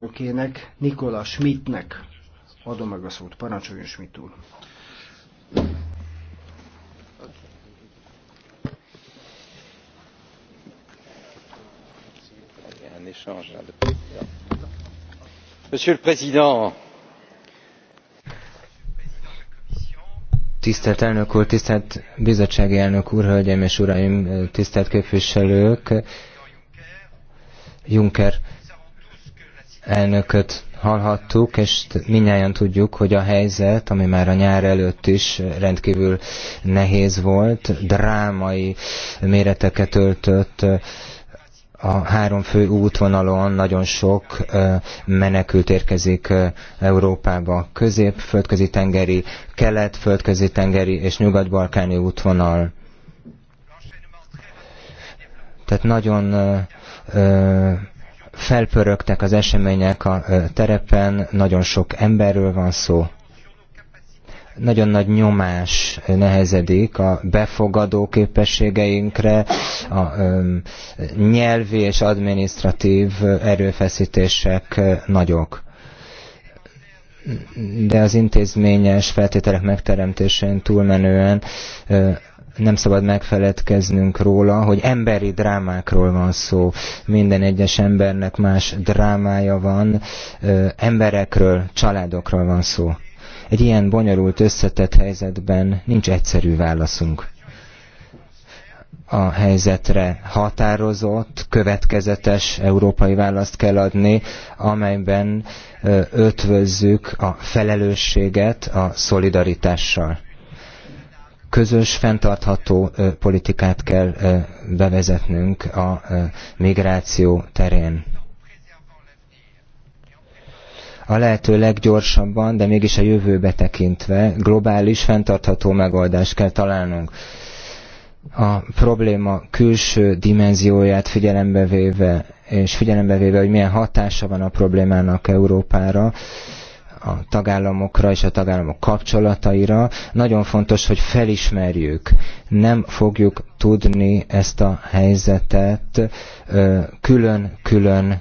elnökének, Nikola Schmidtnek adom meg a szót. Parancsoljon Schmidt úr! Monsieur le Président, Tisztelt elnök úr, tisztelt bizottsági elnök úr, hölgyeim és uraim, tisztelt képviselők, Juncker elnököt hallhattuk, és minnyáján tudjuk, hogy a helyzet, ami már a nyár előtt is rendkívül nehéz volt, drámai méreteket öltött, a három fő útvonalon nagyon sok menekült érkezik Európába. Közép-földközi tengeri, kelet-földközi tengeri és nyugat-balkáni útvonal. Tehát nagyon Felpörögtek az események a terepen, nagyon sok emberről van szó, nagyon nagy nyomás nehezedik a befogadó képességeinkre, a nyelvi és adminisztratív erőfeszítések nagyok. De az intézményes feltételek megteremtésén túlmenően nem szabad megfeledkeznünk róla, hogy emberi drámákról van szó. Minden egyes embernek más drámája van, emberekről, családokról van szó. Egy ilyen bonyolult, összetett helyzetben nincs egyszerű válaszunk a helyzetre határozott, következetes európai választ kell adni, amelyben ötvözzük a felelősséget a szolidaritással közös, fenntartható politikát kell bevezetnünk a migráció terén. A lehető leggyorsabban, de mégis a jövőbe tekintve globális, fenntartható megoldást kell találnunk a probléma külső dimenzióját figyelembe véve, és figyelembe véve, hogy milyen hatása van a problémának Európára, a tagállamokra és a tagállamok kapcsolataira. Nagyon fontos, hogy felismerjük. Nem fogjuk tudni ezt a helyzetet külön-külön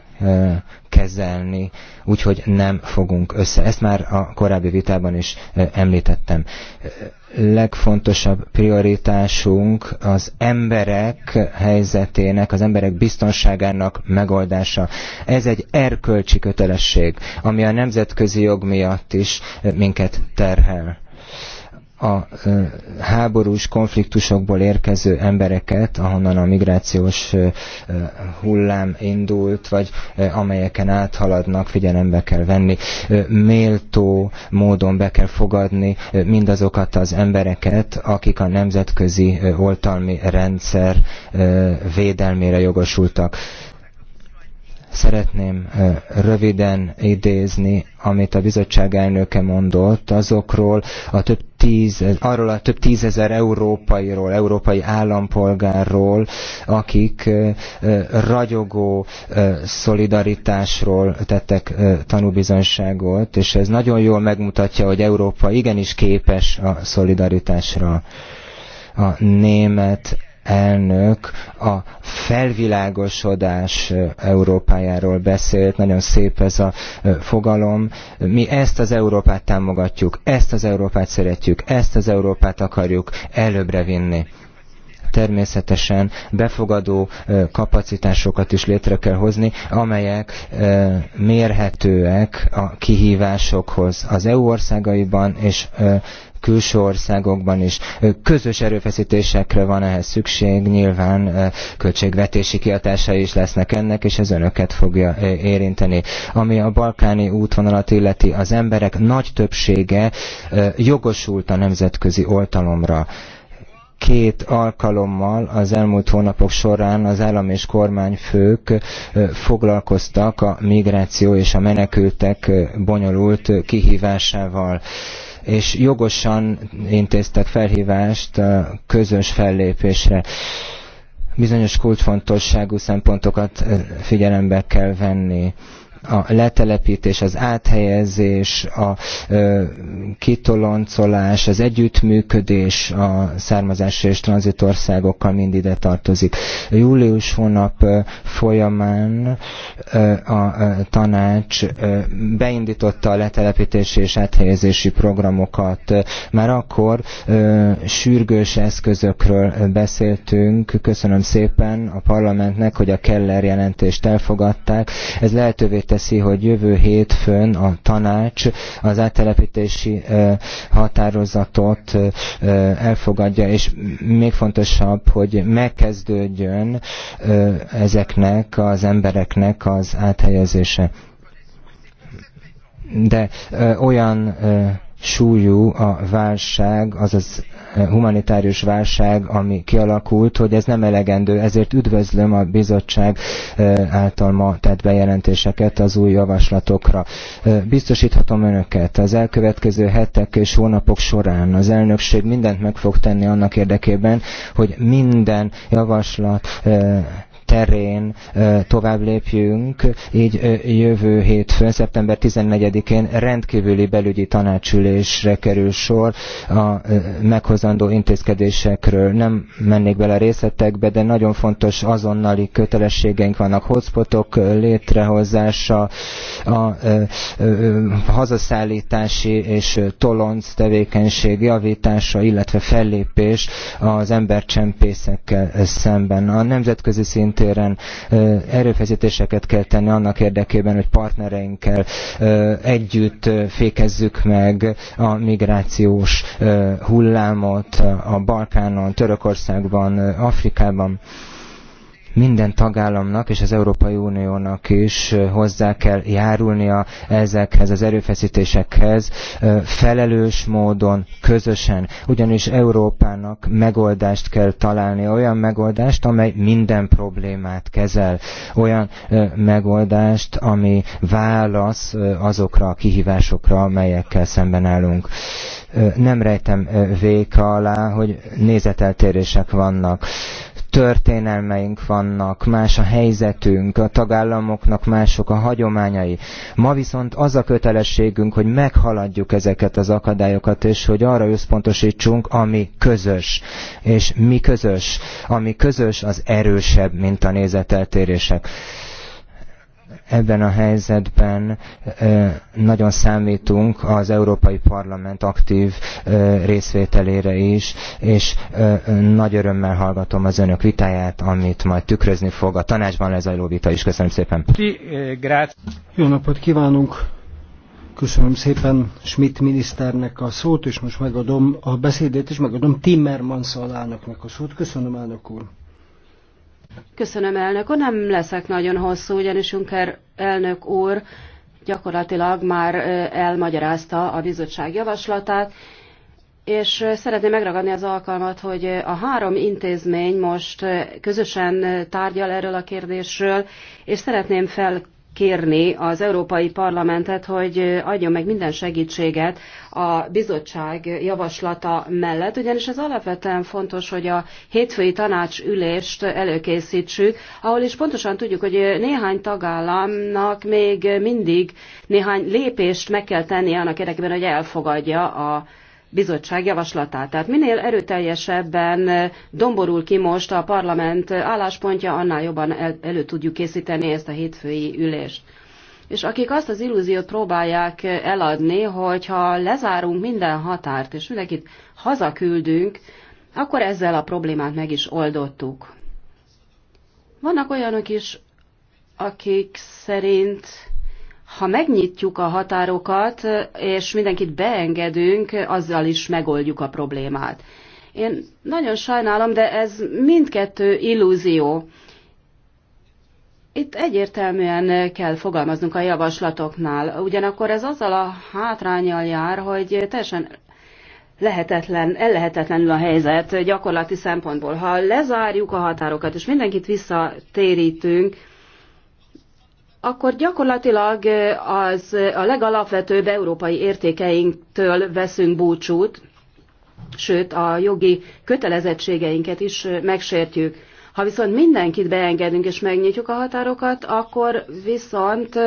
kezelni, úgyhogy nem fogunk össze. Ezt már a korábbi vitában is említettem. Legfontosabb prioritásunk az emberek helyzetének, az emberek biztonságának megoldása. Ez egy erkölcsi kötelesség, ami a nemzetközi jog miatt is minket terhel a háborús konfliktusokból érkező embereket, ahonnan a migrációs hullám indult, vagy amelyeken áthaladnak, figyelembe kell venni. Méltó módon be kell fogadni mindazokat az embereket, akik a nemzetközi oltalmi rendszer védelmére jogosultak szeretném röviden idézni, amit a bizottság elnöke mondott azokról a több tíz, arról a több tízezer európairól, európai állampolgárról, akik ragyogó szolidaritásról tettek tanúbizonyságot, és ez nagyon jól megmutatja, hogy Európa igenis képes a szolidaritásra. A német elnök a felvilágosodás Európájáról beszélt, nagyon szép ez a fogalom. Mi ezt az Európát támogatjuk, ezt az Európát szeretjük, ezt az Európát akarjuk előbbre vinni természetesen befogadó kapacitásokat is létre kell hozni, amelyek mérhetőek a kihívásokhoz az EU országaiban és külső országokban is. Közös erőfeszítésekre van ehhez szükség, nyilván költségvetési kiadásai is lesznek ennek, és ez önöket fogja érinteni. Ami a balkáni útvonalat illeti, az emberek nagy többsége jogosult a nemzetközi oltalomra két alkalommal az elmúlt hónapok során az állam és kormányfők foglalkoztak a migráció és a menekültek bonyolult kihívásával és jogosan intéztek felhívást a közös fellépésre. Bizonyos kulcsfontosságú szempontokat figyelembe kell venni a letelepítés, az áthelyezés, a kitoloncolás, az együttműködés a származási és tranzitországokkal mind ide tartozik. Július hónap folyamán a tanács beindította a letelepítési és áthelyezési programokat. Már akkor sürgős eszközökről beszéltünk. Köszönöm szépen a parlamentnek, hogy a Keller jelentést elfogadták. Ez lehetővé teszi teszi, hogy jövő hétfőn a tanács az áttelepítési határozatot elfogadja, és még fontosabb, hogy megkezdődjön ezeknek az embereknek az áthelyezése. De ö, olyan ö, súlyú a válság, azaz eh, humanitárius válság, ami kialakult, hogy ez nem elegendő, ezért üdvözlöm a bizottság eh, által ma tett bejelentéseket az új javaslatokra. Eh, biztosíthatom önöket, az elkövetkező hetek és hónapok során az elnökség mindent meg fog tenni annak érdekében, hogy minden javaslat terén tovább lépjünk, így jövő hétfőn, szeptember 14-én rendkívüli belügyi tanácsülésre kerül sor a meghozandó intézkedésekről. Nem mennék bele részletekbe, de nagyon fontos azonnali kötelességeink vannak, hotspotok létrehozása, a hazaszállítási és tolonc tevékenység javítása, illetve fellépés az embercsempészekkel szemben. A nemzetközi szint téren erőfeszítéseket kell tenni annak érdekében, hogy partnereinkkel együtt fékezzük meg a migrációs hullámot a Balkánon, Törökországban, Afrikában minden tagállamnak és az Európai Uniónak is hozzá kell járulnia ezekhez az erőfeszítésekhez felelős módon, közösen. Ugyanis Európának megoldást kell találni, olyan megoldást, amely minden problémát kezel, olyan megoldást, ami válasz azokra a kihívásokra, amelyekkel szemben állunk nem rejtem véka alá, hogy nézeteltérések vannak történelmeink vannak, más a helyzetünk, a tagállamoknak mások a hagyományai. Ma viszont az a kötelességünk, hogy meghaladjuk ezeket az akadályokat, és hogy arra összpontosítsunk, ami közös. És mi közös? Ami közös, az erősebb, mint a nézeteltérések. Ebben a helyzetben nagyon számítunk az Európai Parlament aktív részvételére is, és nagy örömmel hallgatom az önök vitáját, amit majd tükrözni fog a tanácsban lezajló vita is. Köszönöm szépen. Eh, Jó napot kívánunk! Köszönöm szépen Schmidt miniszternek a szót, és most megadom a beszédét, és megadom Timmermans alánoknak a szót. Köszönöm, elnök úr! Köszönöm, elnök úr. Nem leszek nagyon hosszú, ugyanis Juncker elnök úr gyakorlatilag már elmagyarázta a bizottság javaslatát, és szeretném megragadni az alkalmat, hogy a három intézmény most közösen tárgyal erről a kérdésről, és szeretném fel kérni az Európai Parlamentet, hogy adjon meg minden segítséget a bizottság javaslata mellett, ugyanis ez alapvetően fontos, hogy a hétfői tanácsülést előkészítsük, ahol is pontosan tudjuk, hogy néhány tagállamnak még mindig néhány lépést meg kell tennie annak érdekében, hogy elfogadja a bizottság javaslatát. Tehát minél erőteljesebben domborul ki most a parlament álláspontja, annál jobban el, elő tudjuk készíteni ezt a hétfői ülést. És akik azt az illúziót próbálják eladni, hogyha lezárunk minden határt, és mindenkit hazaküldünk, akkor ezzel a problémát meg is oldottuk. Vannak olyanok is, akik szerint ha megnyitjuk a határokat, és mindenkit beengedünk, azzal is megoldjuk a problémát. Én nagyon sajnálom, de ez mindkettő illúzió. Itt egyértelműen kell fogalmaznunk a javaslatoknál. Ugyanakkor ez azzal a hátrányjal jár, hogy teljesen lehetetlen, ellehetetlenül a helyzet gyakorlati szempontból. Ha lezárjuk a határokat, és mindenkit visszatérítünk, akkor gyakorlatilag az a legalapvetőbb európai értékeinktől veszünk búcsút, sőt a jogi kötelezettségeinket is megsértjük. Ha viszont mindenkit beengedünk és megnyitjuk a határokat, akkor viszont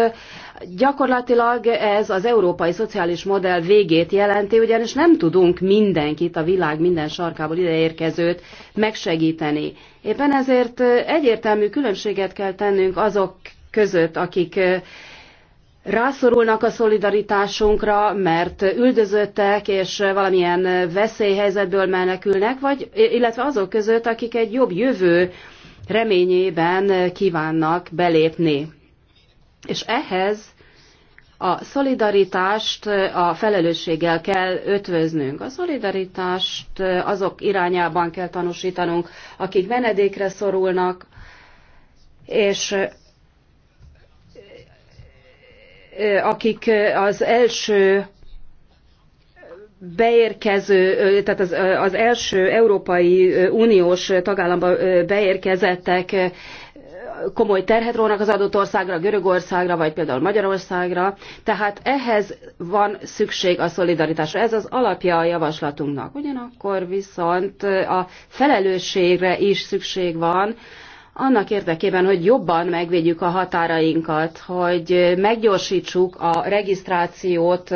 gyakorlatilag ez az európai szociális modell végét jelenti, ugyanis nem tudunk mindenkit a világ minden sarkából ideérkezőt megsegíteni. Éppen ezért egyértelmű különbséget kell tennünk azok között, akik rászorulnak a szolidaritásunkra, mert üldözöttek és valamilyen veszélyhelyzetből menekülnek, vagy, illetve azok között, akik egy jobb jövő reményében kívánnak belépni. És ehhez a szolidaritást a felelősséggel kell ötvöznünk. A szolidaritást azok irányában kell tanúsítanunk, akik menedékre szorulnak, és akik az első beérkező, tehát az, az első Európai Uniós tagállamba beérkezettek komoly terhet rónak az adott országra, Görögországra, vagy például Magyarországra. Tehát ehhez van szükség a szolidaritásra. Ez az alapja a javaslatunknak. Ugyanakkor viszont a felelősségre is szükség van, annak érdekében, hogy jobban megvédjük a határainkat, hogy meggyorsítsuk a regisztrációt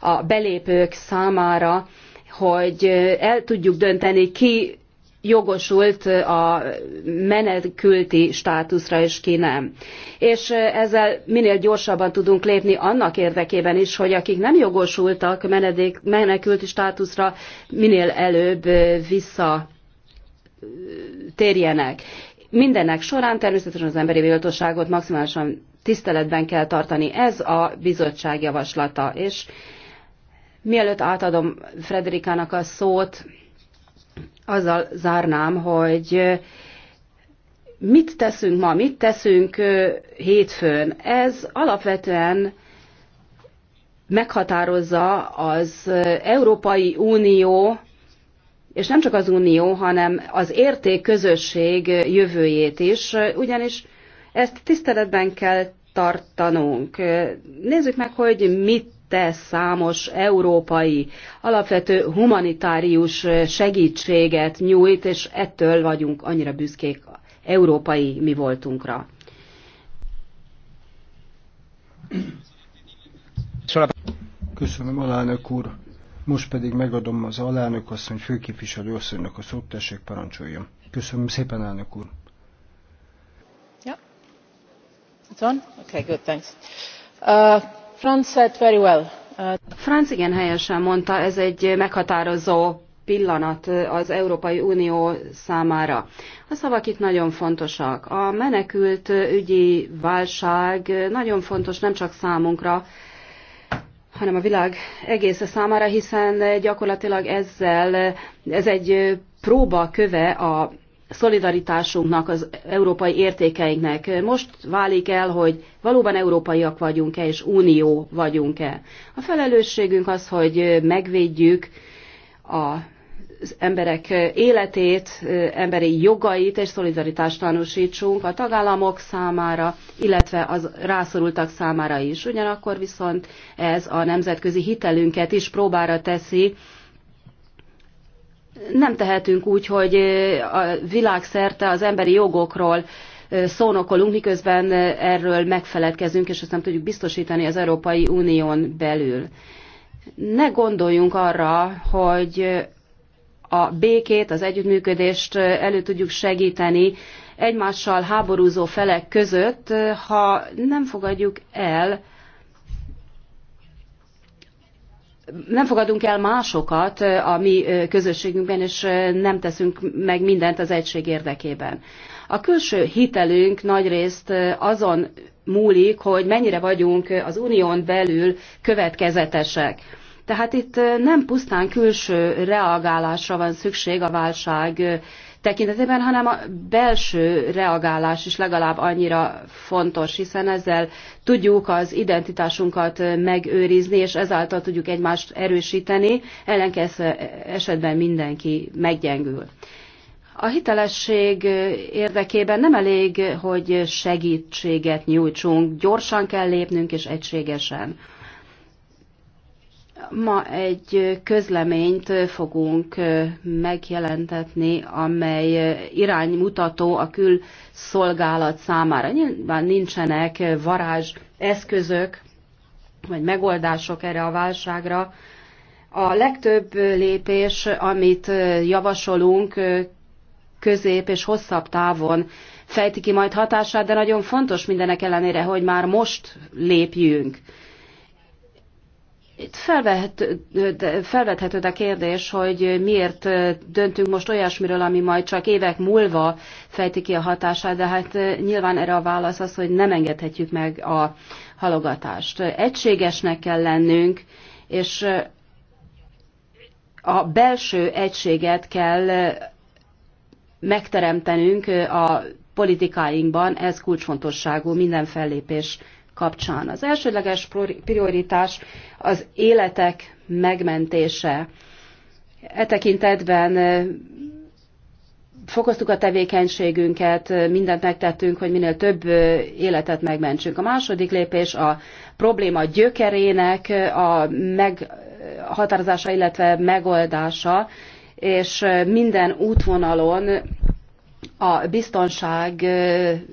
a belépők számára, hogy el tudjuk dönteni, ki jogosult a menekülti státuszra, és ki nem. És ezzel minél gyorsabban tudunk lépni annak érdekében is, hogy akik nem jogosultak menedék, menekülti státuszra, minél előbb vissza térjenek. Mindenek során természetesen az emberi méltóságot maximálisan tiszteletben kell tartani. Ez a bizottság javaslata. És mielőtt átadom Frederikának a szót, azzal zárnám, hogy mit teszünk ma, mit teszünk hétfőn. Ez alapvetően meghatározza az Európai Unió és nem csak az unió, hanem az érték közösség jövőjét is, ugyanis ezt tiszteletben kell tartanunk. Nézzük meg, hogy mit tesz számos európai alapvető humanitárius segítséget nyújt, és ettől vagyunk annyira büszkék európai mi voltunkra. Köszönöm, alánök úr. Most pedig megadom az alelnök asszony főképviselő asszonynak a szót, tessék parancsoljon. Köszönöm szépen, elnök úr. Ja. It's on? Okay, good, thanks. Uh, Franz said very well. Uh... Franz igen helyesen mondta, ez egy meghatározó pillanat uh, az Európai Unió számára. A szavak itt nagyon fontosak. A menekült uh, ügyi válság uh, nagyon fontos nem csak számunkra, hanem a világ egésze számára, hiszen gyakorlatilag ezzel ez egy próba köve a szolidaritásunknak, az európai értékeinknek. Most válik el, hogy valóban európaiak vagyunk-e, és unió vagyunk-e. A felelősségünk az, hogy megvédjük a az emberek életét, emberi jogait és szolidaritást tanúsítsunk a tagállamok számára, illetve az rászorultak számára is. Ugyanakkor viszont ez a nemzetközi hitelünket is próbára teszi. Nem tehetünk úgy, hogy a világszerte az emberi jogokról szónokolunk, miközben erről megfeledkezünk, és ezt nem tudjuk biztosítani az Európai Unión belül. Ne gondoljunk arra, hogy a békét, az együttműködést elő tudjuk segíteni egymással háborúzó felek között, ha nem fogadjuk el, nem fogadunk el másokat a mi közösségünkben, és nem teszünk meg mindent az egység érdekében. A külső hitelünk nagyrészt azon múlik, hogy mennyire vagyunk az unión belül következetesek tehát itt nem pusztán külső reagálásra van szükség a válság tekintetében, hanem a belső reagálás is legalább annyira fontos, hiszen ezzel tudjuk az identitásunkat megőrizni, és ezáltal tudjuk egymást erősíteni, ellenkező esetben mindenki meggyengül. A hitelesség érdekében nem elég, hogy segítséget nyújtsunk, gyorsan kell lépnünk és egységesen. Ma egy közleményt fogunk megjelentetni, amely iránymutató a külszolgálat számára. Nyilván nincsenek varázs eszközök vagy megoldások erre a válságra. A legtöbb lépés, amit javasolunk, közép és hosszabb távon fejti ki majd hatását, de nagyon fontos mindenek ellenére, hogy már most lépjünk. Itt felvethető a kérdés, hogy miért döntünk most olyasmiről, ami majd csak évek múlva fejti ki a hatását, de hát nyilván erre a válasz az, hogy nem engedhetjük meg a halogatást. Egységesnek kell lennünk, és a belső egységet kell megteremtenünk a politikáinkban, ez kulcsfontosságú minden fellépés kapcsán. Az elsődleges prioritás az életek megmentése. E tekintetben fokoztuk a tevékenységünket, mindent megtettünk, hogy minél több életet megmentsünk. A második lépés a probléma gyökerének a meghatározása, illetve megoldása, és minden útvonalon a biztonság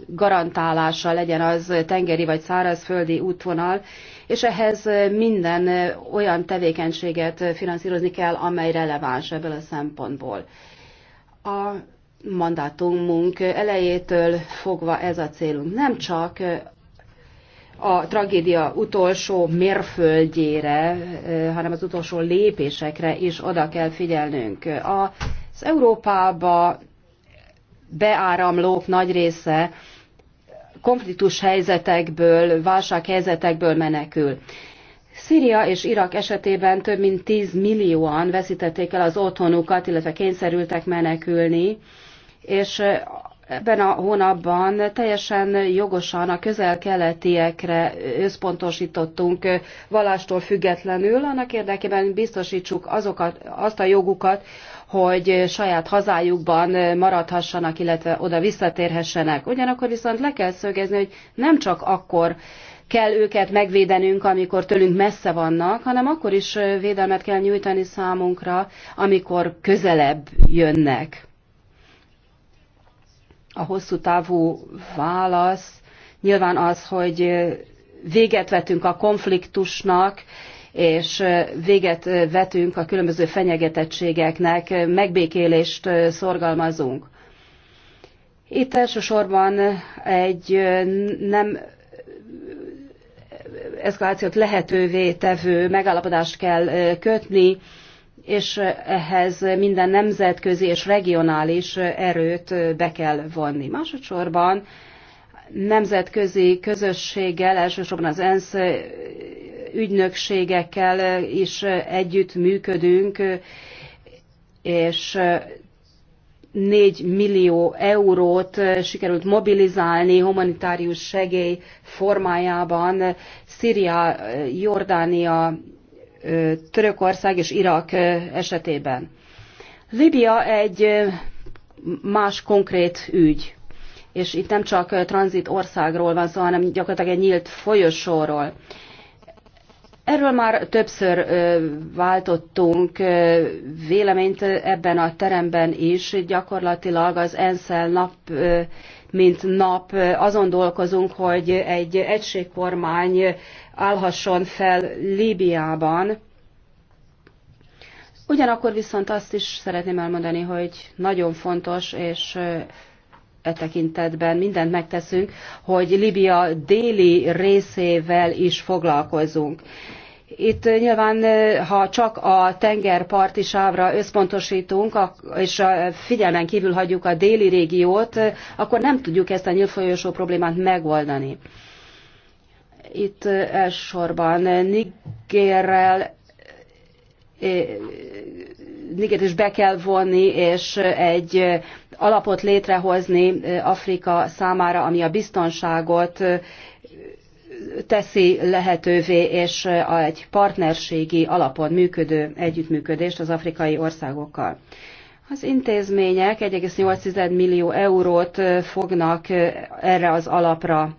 garantálása legyen az tengeri vagy szárazföldi útvonal, és ehhez minden olyan tevékenységet finanszírozni kell, amely releváns ebből a szempontból. A mandátumunk elejétől fogva ez a célunk. Nem csak a tragédia utolsó mérföldjére, hanem az utolsó lépésekre is oda kell figyelnünk. Az Európába beáramlók nagy része konfliktus helyzetekből, válsághelyzetekből menekül. Szíria és Irak esetében több mint 10 millióan veszítették el az otthonukat, illetve kényszerültek menekülni, és ebben a hónapban teljesen jogosan a közel-keletiekre összpontosítottunk vallástól függetlenül, annak érdekében biztosítsuk azokat, azt a jogukat, hogy saját hazájukban maradhassanak, illetve oda visszatérhessenek. Ugyanakkor viszont le kell szögezni, hogy nem csak akkor kell őket megvédenünk, amikor tőlünk messze vannak, hanem akkor is védelmet kell nyújtani számunkra, amikor közelebb jönnek. A hosszú távú válasz nyilván az, hogy véget vetünk a konfliktusnak, és véget vetünk a különböző fenyegetettségeknek, megbékélést szorgalmazunk. Itt elsősorban egy nem eszkalációt lehetővé tevő megállapodást kell kötni, és ehhez minden nemzetközi és regionális erőt be kell vonni. Másodszorban nemzetközi közösséggel, elsősorban az ENSZ ügynökségekkel is együtt működünk, és 4 millió eurót sikerült mobilizálni humanitárius segély formájában Szíria, Jordánia, Törökország és Irak esetében. Libia egy más konkrét ügy, és itt nem csak tranzit országról van szó, hanem gyakorlatilag egy nyílt folyosóról. Erről már többször váltottunk véleményt ebben a teremben is, gyakorlatilag az Enszel nap mint nap azon dolgozunk, hogy egy egységkormány állhasson fel Líbiában. Ugyanakkor viszont azt is szeretném elmondani, hogy nagyon fontos, és e tekintetben mindent megteszünk, hogy Libia déli részével is foglalkozunk. Itt nyilván, ha csak a tengerparti sávra összpontosítunk, és figyelmen kívül hagyjuk a déli régiót, akkor nem tudjuk ezt a nyílfolyósó problémát megoldani. Itt elsősorban Nigérrel Nigert is be kell vonni, és egy alapot létrehozni Afrika számára, ami a biztonságot teszi lehetővé és egy partnerségi alapon működő együttműködést az afrikai országokkal. Az intézmények 1,8 millió eurót fognak erre az alapra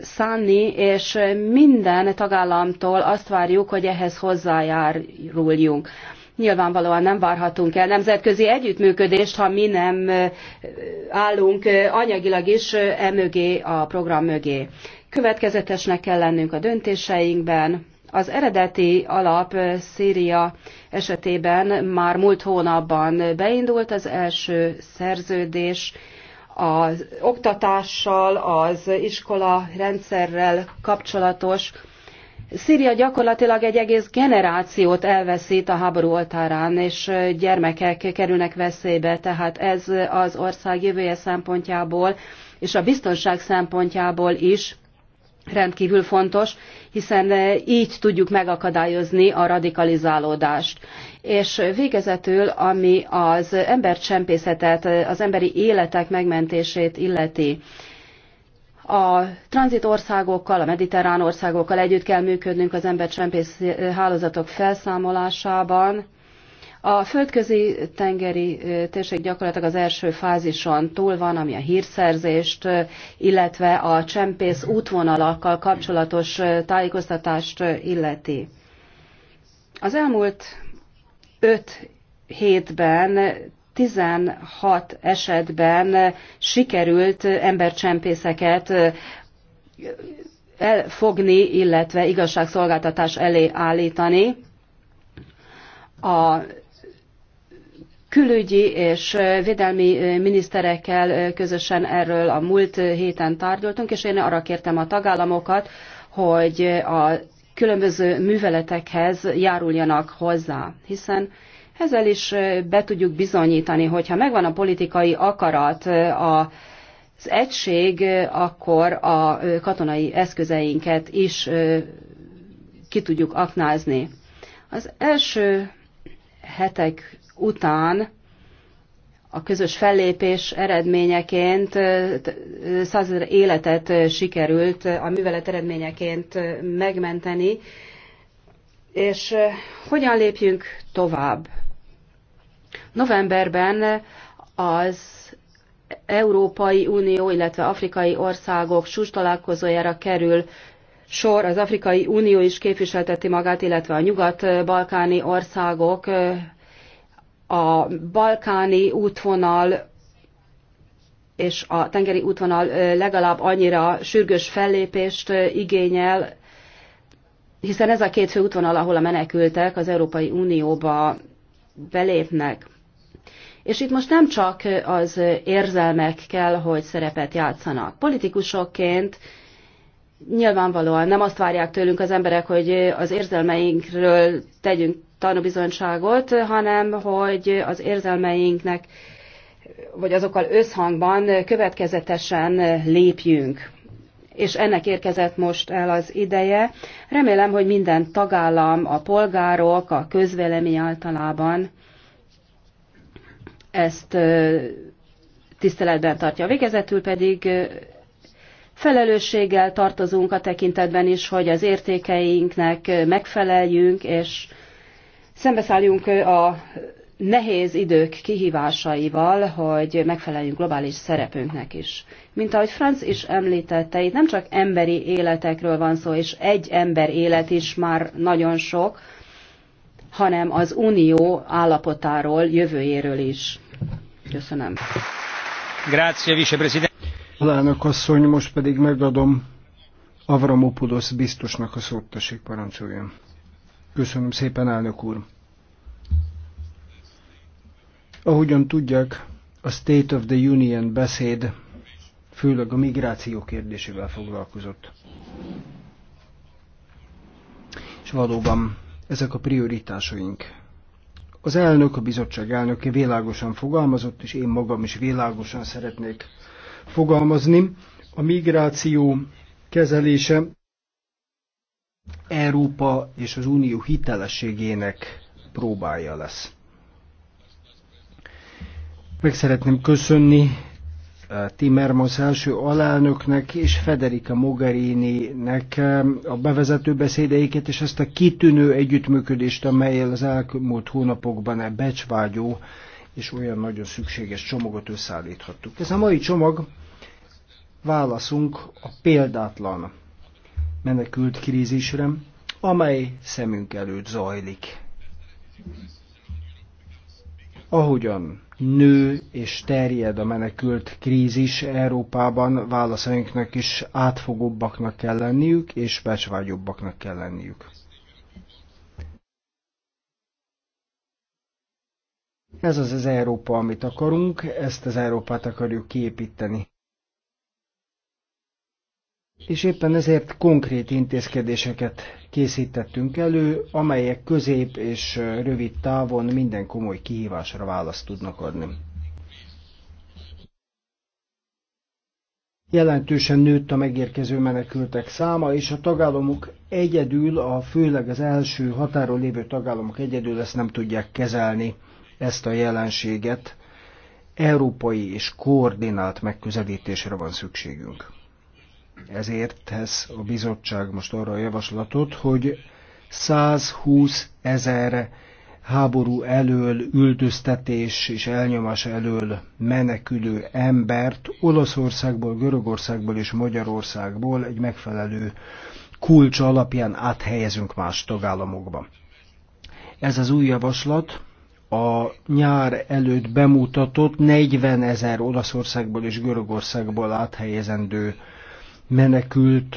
szánni, és minden tagállamtól azt várjuk, hogy ehhez hozzájáruljunk. Nyilvánvalóan nem várhatunk el nemzetközi együttműködést, ha mi nem állunk anyagilag is emögé, a program mögé következetesnek kell lennünk a döntéseinkben. Az eredeti alap eh, Szíria esetében már múlt hónapban beindult az első szerződés, az oktatással, az iskola rendszerrel kapcsolatos. Szíria gyakorlatilag egy egész generációt elveszít a háború oltárán, és eh, gyermekek kerülnek veszélybe, tehát ez az ország jövője szempontjából és a biztonság szempontjából is rendkívül fontos, hiszen eh, így tudjuk megakadályozni a radikalizálódást. És végezetül, ami az embercsempészetet, eh, az emberi életek megmentését illeti, a országokkal, a mediterrán országokkal együtt kell működnünk az embercsempész eh, hálózatok felszámolásában, a földközi tengeri térség gyakorlatilag az első fázison túl van, ami a hírszerzést, illetve a csempész útvonalakkal kapcsolatos tájékoztatást illeti. Az elmúlt öt hétben 16 esetben sikerült embercsempészeket elfogni, illetve igazságszolgáltatás elé állítani. A külügyi és védelmi miniszterekkel közösen erről a múlt héten tárgyaltunk, és én arra kértem a tagállamokat, hogy a különböző műveletekhez járuljanak hozzá, hiszen ezzel is be tudjuk bizonyítani, hogyha megvan a politikai akarat, a az egység akkor a katonai eszközeinket is ki tudjuk aknázni. Az első hetek után a közös fellépés eredményeként százezer életet sikerült a művelet eredményeként megmenteni, és hogyan lépjünk tovább? Novemberben az Európai Unió, illetve afrikai országok sus találkozójára kerül sor. Az Afrikai Unió is képviselteti magát, illetve a nyugat-balkáni országok a balkáni útvonal és a tengeri útvonal legalább annyira sürgős fellépést igényel, hiszen ez a két fő útvonal, ahol a menekültek az Európai Unióba belépnek. És itt most nem csak az érzelmek kell, hogy szerepet játszanak. Politikusokként nyilvánvalóan nem azt várják tőlünk az emberek, hogy az érzelmeinkről tegyünk tanúbizonyságot, hanem hogy az érzelmeinknek, vagy azokkal összhangban következetesen lépjünk. És ennek érkezett most el az ideje. Remélem, hogy minden tagállam, a polgárok, a közvélemény általában ezt tiszteletben tartja. Végezetül pedig felelősséggel tartozunk a tekintetben is, hogy az értékeinknek megfeleljünk, és szembeszálljunk a nehéz idők kihívásaival, hogy megfeleljünk globális szerepünknek is. Mint ahogy Franz is említette, itt nem csak emberi életekről van szó, és egy ember élet is már nagyon sok, hanem az unió állapotáról, jövőjéről is. Köszönöm. Grazie, vicepresident. Lának asszony, most pedig megadom Avramopoulos biztosnak a szót, tessék parancsoljon. Köszönöm szépen, elnök úr. Ahogyan tudják, a State of the Union beszéd főleg a migráció kérdésével foglalkozott. És valóban ezek a prioritásaink. Az elnök, a bizottság elnöke világosan fogalmazott, és én magam is világosan szeretnék fogalmazni. A migráció kezelése Európa és az Unió hitelességének próbája lesz. Meg szeretném köszönni eh, Timmermans első alelnöknek és Federica Mogherini-nek eh, a bevezető beszédeiket, és ezt a kitűnő együttműködést, amelyel az elmúlt hónapokban a e becsvágyó és olyan nagyon szükséges csomagot összeállíthattuk. Ez a mai csomag válaszunk a példátlan menekült krízisre, amely szemünk előtt zajlik. Ahogyan nő és terjed a menekült krízis Európában, válaszainknak is átfogóbbaknak kell lenniük, és becsvágyobbaknak kell lenniük. Ez az az Európa, amit akarunk, ezt az Európát akarjuk kiépíteni és éppen ezért konkrét intézkedéseket készítettünk elő, amelyek közép és rövid távon minden komoly kihívásra választ tudnak adni. Jelentősen nőtt a megérkező menekültek száma, és a tagállamok egyedül, a főleg az első határon lévő tagállamok egyedül ezt nem tudják kezelni, ezt a jelenséget. Európai és koordinált megközelítésre van szükségünk. Ezért tesz a bizottság most arra a javaslatot, hogy 120 ezer háború elől, üldöztetés és elnyomás elől menekülő embert Olaszországból, Görögországból és Magyarországból egy megfelelő kulcs alapján áthelyezünk más tagállamokba. Ez az új javaslat a nyár előtt bemutatott 40 ezer Olaszországból és Görögországból áthelyezendő menekült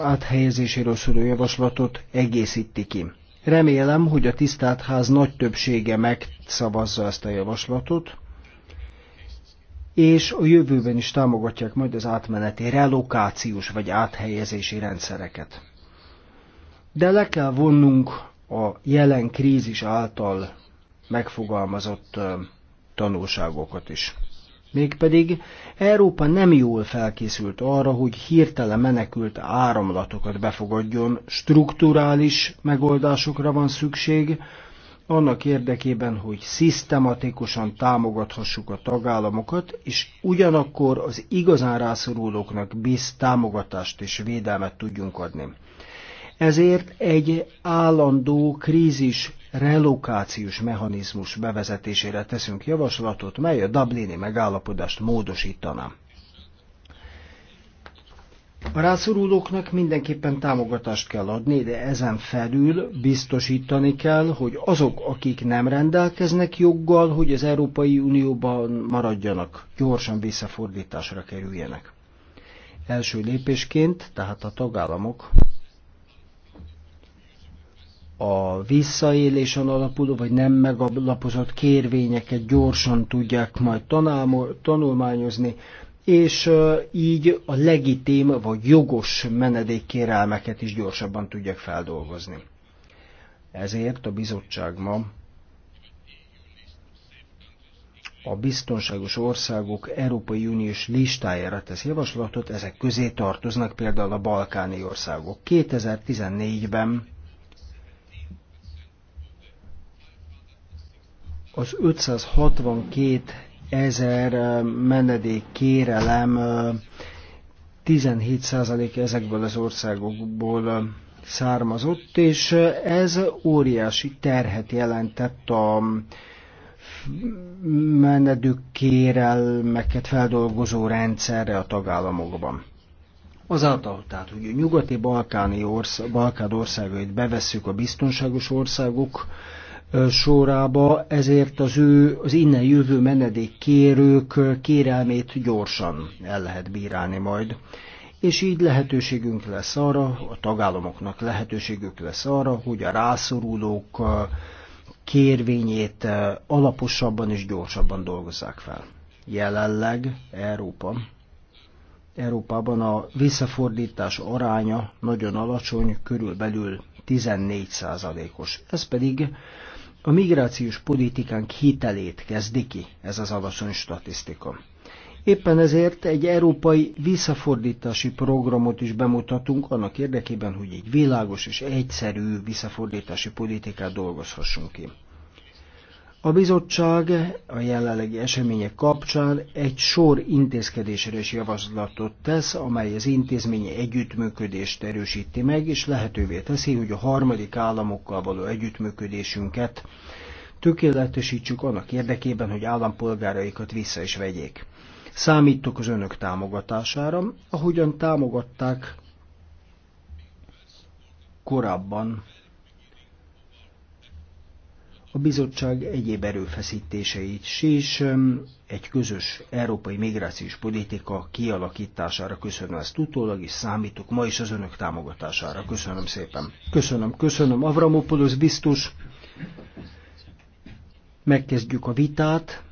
áthelyezéséről szóló javaslatot egészíti ki. Remélem, hogy a tisztelt ház nagy többsége megszavazza ezt a javaslatot, és a jövőben is támogatják majd az átmeneti relokációs vagy áthelyezési rendszereket. De le kell vonnunk a jelen krízis által megfogalmazott tanulságokat is. Mégpedig Európa nem jól felkészült arra, hogy hirtelen menekült áramlatokat befogadjon, strukturális megoldásokra van szükség, annak érdekében, hogy szisztematikusan támogathassuk a tagállamokat, és ugyanakkor az igazán rászorulóknak bizt támogatást és védelmet tudjunk adni. Ezért egy állandó krízis relokációs mechanizmus bevezetésére teszünk javaslatot, mely a Dublini megállapodást módosítana. A rászorulóknak mindenképpen támogatást kell adni, de ezen felül biztosítani kell, hogy azok, akik nem rendelkeznek joggal, hogy az Európai Unióban maradjanak, gyorsan visszafordításra kerüljenek. Első lépésként, tehát a tagállamok a visszaélésen alapuló vagy nem megalapozott kérvényeket gyorsan tudják majd tanulmányozni, és így a legitim vagy jogos menedékkérelmeket is gyorsabban tudják feldolgozni. Ezért a bizottság ma a biztonságos országok Európai Uniós listájára tesz javaslatot, ezek közé tartoznak például a balkáni országok. 2014-ben az 562 ezer menedék kérelem 17% ezekből az országokból származott, és ez óriási terhet jelentett a kérelmeket feldolgozó rendszerre a tagállamokban. Azáltal, tehát, hogy a nyugati balkáni orsz, balkád országait bevesszük a biztonságos országok sorába, ezért az ő, az innen jövő menedék kérők kérelmét gyorsan el lehet bírálni majd. És így lehetőségünk lesz arra, a tagállamoknak lehetőségük lesz arra, hogy a rászorulók kérvényét alaposabban és gyorsabban dolgozzák fel. Jelenleg Európa Európában a visszafordítás aránya nagyon alacsony, körülbelül 14 százalékos. Ez pedig a migrációs politikánk hitelét kezdi ki ez az alacsony statisztika. Éppen ezért egy európai visszafordítási programot is bemutatunk annak érdekében, hogy egy világos és egyszerű visszafordítási politikát dolgozhassunk ki. A bizottság a jelenlegi események kapcsán egy sor intézkedésre is javaslatot tesz, amely az intézményi együttműködést erősíti meg, és lehetővé teszi, hogy a harmadik államokkal való együttműködésünket tökéletesítsük annak érdekében, hogy állampolgáraikat vissza is vegyék. Számítok az önök támogatására, ahogyan támogatták korábban a bizottság egyéb erőfeszítéseit és egy közös európai migrációs politika kialakítására köszönöm ezt utólag, és számítok ma is az önök támogatására. Köszönöm szépen. Köszönöm, köszönöm. Avramopoulos biztos, megkezdjük a vitát.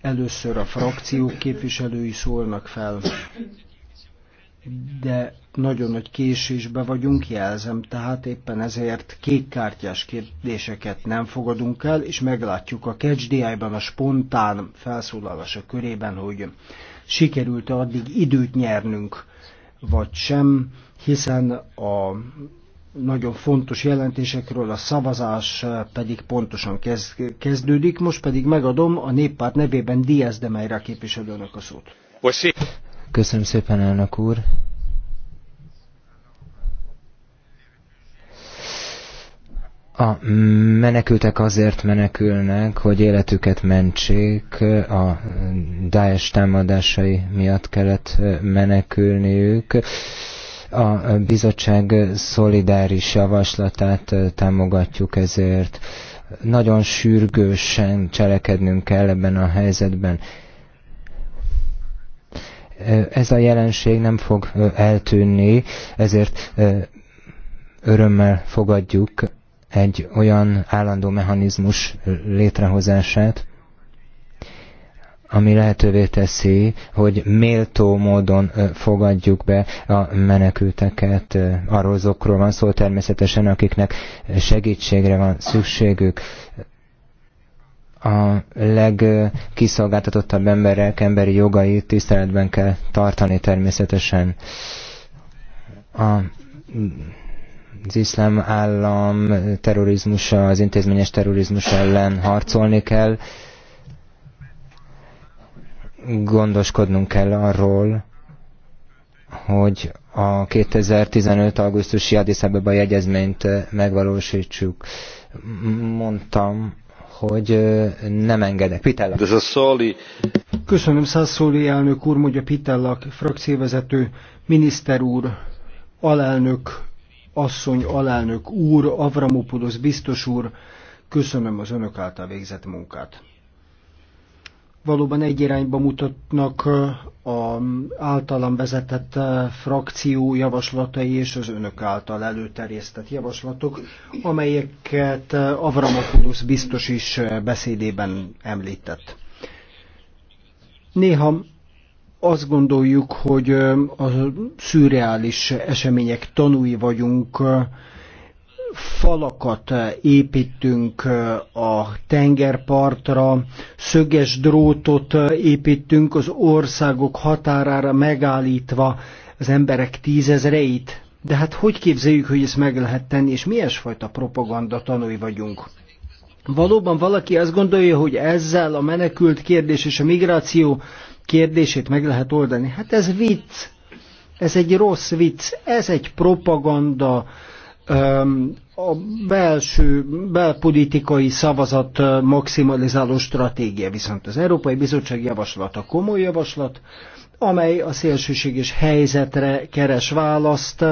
Először a frakciók képviselői szólnak fel, de nagyon nagy késésbe vagyunk, jelzem, tehát éppen ezért kékkártyás kérdéseket nem fogadunk el, és meglátjuk a Catch ban a spontán felszólalása körében, hogy sikerült-e addig időt nyernünk, vagy sem, hiszen a nagyon fontos jelentésekről, a szavazás pedig pontosan kezdődik. Most pedig megadom a néppárt nevében Diaz de Meira képviselőnek a szót. Köszönöm szépen, elnök úr! A menekültek azért menekülnek, hogy életüket mentsék, a Daesh támadásai miatt kellett menekülniük. A bizottság szolidáris javaslatát támogatjuk ezért. Nagyon sürgősen cselekednünk kell ebben a helyzetben ez a jelenség nem fog eltűnni, ezért örömmel fogadjuk egy olyan állandó mechanizmus létrehozását, ami lehetővé teszi, hogy méltó módon fogadjuk be a menekülteket. Arról azokról van szó természetesen, akiknek segítségre van szükségük. A legkiszolgáltatottabb emberek emberi jogait tiszteletben kell tartani természetesen. A az iszlám állam terrorizmusa, az intézményes terrorizmus ellen harcolni kell. Gondoskodnunk kell arról, hogy a 2015. augusztusi Addis Abebai egyezményt eh, megvalósítsuk. Mondtam, hogy eh, nem engedek. Pitellak. Ez a szóli. Köszönöm Szászóli elnök úr, mondja Pitellak, frakcióvezető, miniszter úr, alelnök asszony, alelnök úr, Avramopoulos biztos úr, köszönöm az önök által végzett munkát. Valóban egy irányba mutatnak a általam vezetett frakció javaslatai és az önök által előterjesztett javaslatok, amelyeket Avramopoulos biztos is beszédében említett. Néha azt gondoljuk, hogy a szürreális események tanúi vagyunk, falakat építünk a tengerpartra, szöges drótot építünk az országok határára megállítva az emberek tízezreit. De hát hogy képzeljük, hogy ezt meg lehet tenni, és fajta propaganda tanúi vagyunk? Valóban valaki azt gondolja, hogy ezzel a menekült kérdés és a migráció kérdését meg lehet oldani. Hát ez vicc, ez egy rossz vicc, ez egy propaganda, a belső, belpolitikai szavazat maximalizáló stratégia. Viszont az Európai Bizottság javaslata komoly javaslat, amely a szélsőséges helyzetre keres választ,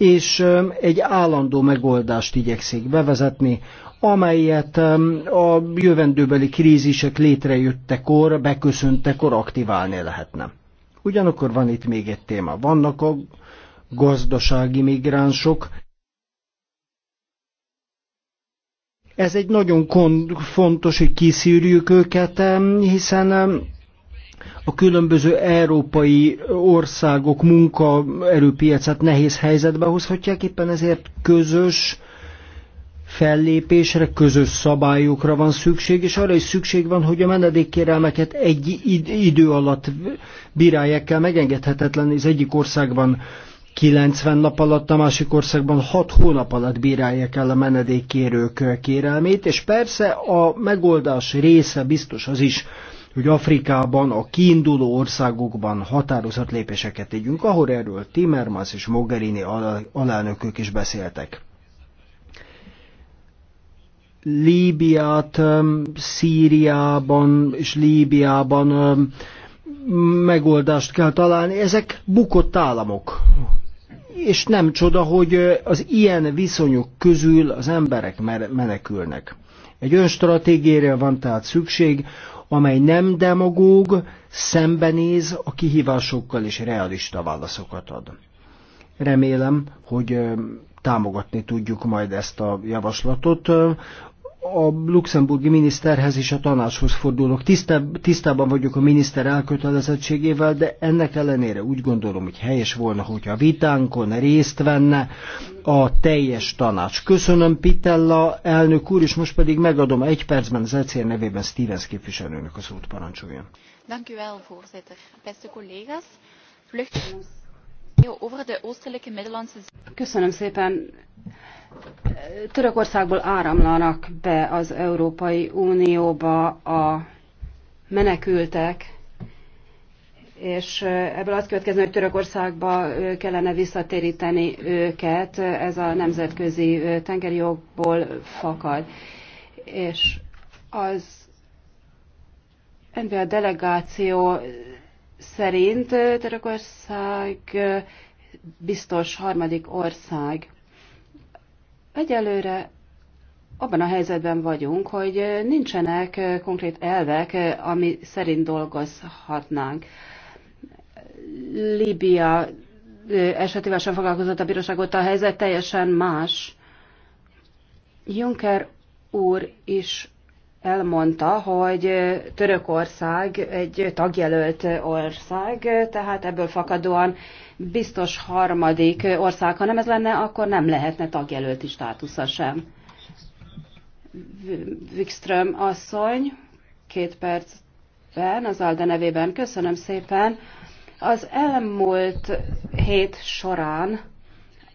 és egy állandó megoldást igyekszik bevezetni, amelyet a jövendőbeli krízisek létrejöttekor, beköszöntekor aktiválni lehetne. Ugyanakkor van itt még egy téma. Vannak a gazdasági migránsok. Ez egy nagyon fontos, hogy kiszűrjük őket, hiszen a különböző európai országok munkaerőpiacát nehéz helyzetbe hozhatják, éppen ezért közös fellépésre, közös szabályokra van szükség, és arra is szükség van, hogy a menedékkérelmeket egy idő alatt bírálják el, megengedhetetlen, az egyik országban 90 nap alatt, a másik országban 6 hónap alatt bírálják el a menedékkérők kérelmét, és persze a megoldás része biztos az is, hogy Afrikában, a kiinduló országokban határozott lépéseket tegyünk, ahol erről Timmermans és Mogherini alelnökök is beszéltek. Líbiát, Szíriában és Líbiában megoldást kell találni. Ezek bukott államok. És nem csoda, hogy az ilyen viszonyok közül az emberek menekülnek. Egy olyan stratégiára van tehát szükség, amely nem demagóg, szembenéz a kihívásokkal és realista válaszokat ad. Remélem, hogy támogatni tudjuk majd ezt a javaslatot a luxemburgi miniszterhez és a tanácshoz fordulok. Tisztább, tisztában vagyok a miniszter elkötelezettségével, de ennek ellenére úgy gondolom, hogy helyes volna, hogy a vitánkon részt venne a teljes tanács. Köszönöm Pitella elnök úr, és most pedig megadom egy percben az ECR nevében Stevens képviselőnek a szót parancsoljon. Dank Köszönöm szépen. Törökországból áramlanak be az Európai Unióba a menekültek, és ebből azt következne, hogy Törökországba kellene visszatéríteni őket, ez a nemzetközi tengeri jogból fakad. És az NBA delegáció szerint Törökország biztos harmadik ország. Egyelőre abban a helyzetben vagyunk, hogy nincsenek konkrét elvek, ami szerint dolgozhatnánk. Líbia esetével sem foglalkozott a bíróság, ott a helyzet teljesen más. Juncker úr is elmondta, hogy Törökország egy tagjelölt ország, tehát ebből fakadóan biztos harmadik ország. Ha nem ez lenne, akkor nem lehetne tagjelölti státusza sem. Wikström asszony, két percben, az Alda nevében köszönöm szépen. Az elmúlt hét során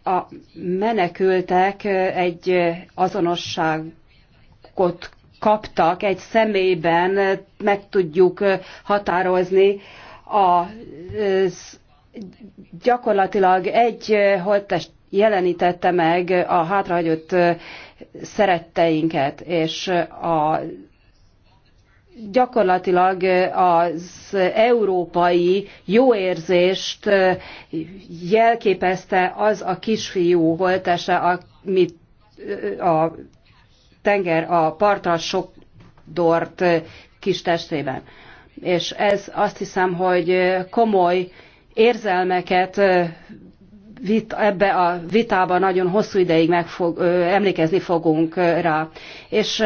a menekültek egy azonosságot kaptak egy személyben, meg tudjuk határozni a gyakorlatilag egy holttest jelenítette meg a hátrahagyott szeretteinket, és a gyakorlatilag az európai jóérzést jelképezte az a kisfiú holtese, amit a tenger a partra sok dort kis testében. És ez azt hiszem, hogy komoly érzelmeket vit, ebbe a vitába nagyon hosszú ideig meg fog, emlékezni fogunk rá. És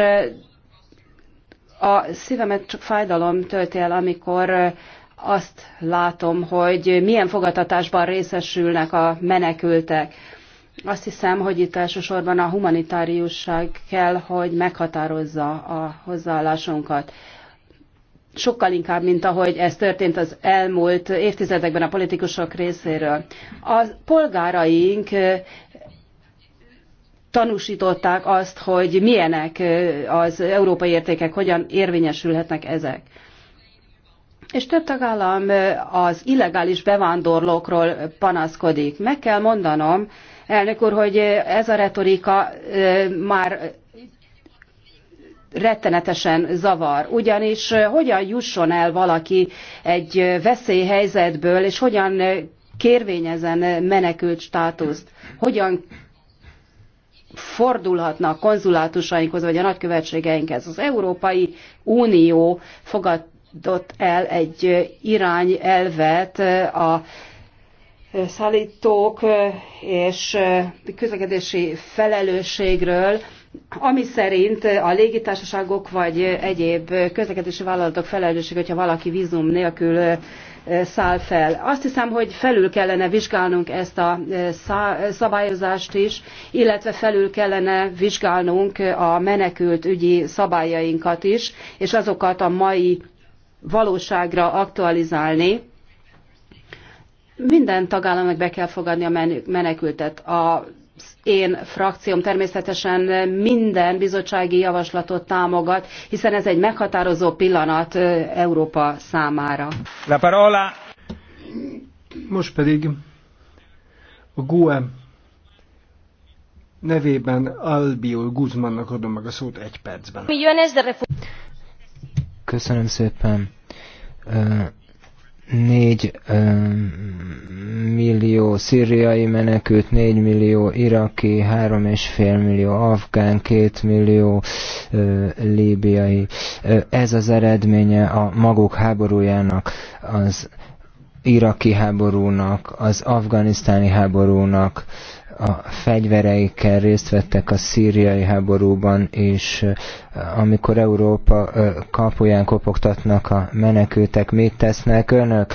a szívemet csak fájdalom tölti el, amikor azt látom, hogy milyen fogadtatásban részesülnek a menekültek azt hiszem, hogy itt elsősorban a humanitáriusság kell, hogy meghatározza a hozzáállásunkat. Sokkal inkább, mint ahogy ez történt az elmúlt évtizedekben a politikusok részéről. A polgáraink tanúsították azt, hogy milyenek az európai értékek, hogyan érvényesülhetnek ezek. És több tagállam az illegális bevándorlókról panaszkodik. Meg kell mondanom, elnök úr, hogy ez a retorika már rettenetesen zavar. Ugyanis hogyan jusson el valaki egy veszélyhelyzetből, és hogyan kérvényezen menekült státuszt, hogyan fordulhatnak konzulátusainkhoz vagy a nagykövetségeinkhez. Az Európai Unió fogad, mondott el egy irányelvet a szállítók és közlekedési felelősségről, ami szerint a légitársaságok vagy egyéb közlekedési vállalatok felelősség, hogyha valaki vízum nélkül száll fel. Azt hiszem, hogy felül kellene vizsgálnunk ezt a szabályozást is, illetve felül kellene vizsgálnunk a menekült ügyi szabályainkat is, és azokat a mai valóságra aktualizálni. Minden tagállamnak be kell fogadni a menekültet. A én frakcióm természetesen minden bizottsági javaslatot támogat, hiszen ez egy meghatározó pillanat Európa számára. La parola. Most pedig a GUE nevében Albiol Guzmannak adom meg a szót egy percben. Köszönöm szépen. 4 millió szíriai menekült, 4 millió iraki, 3,5 millió afgán, 2 millió líbiai. Ez az eredménye a maguk háborújának, az iraki háborúnak, az afganisztáni háborúnak, a fegyvereikkel részt vettek a szíriai háborúban, és eh, amikor Európa eh, kapuján kopogtatnak a menekültek, mit tesznek önök?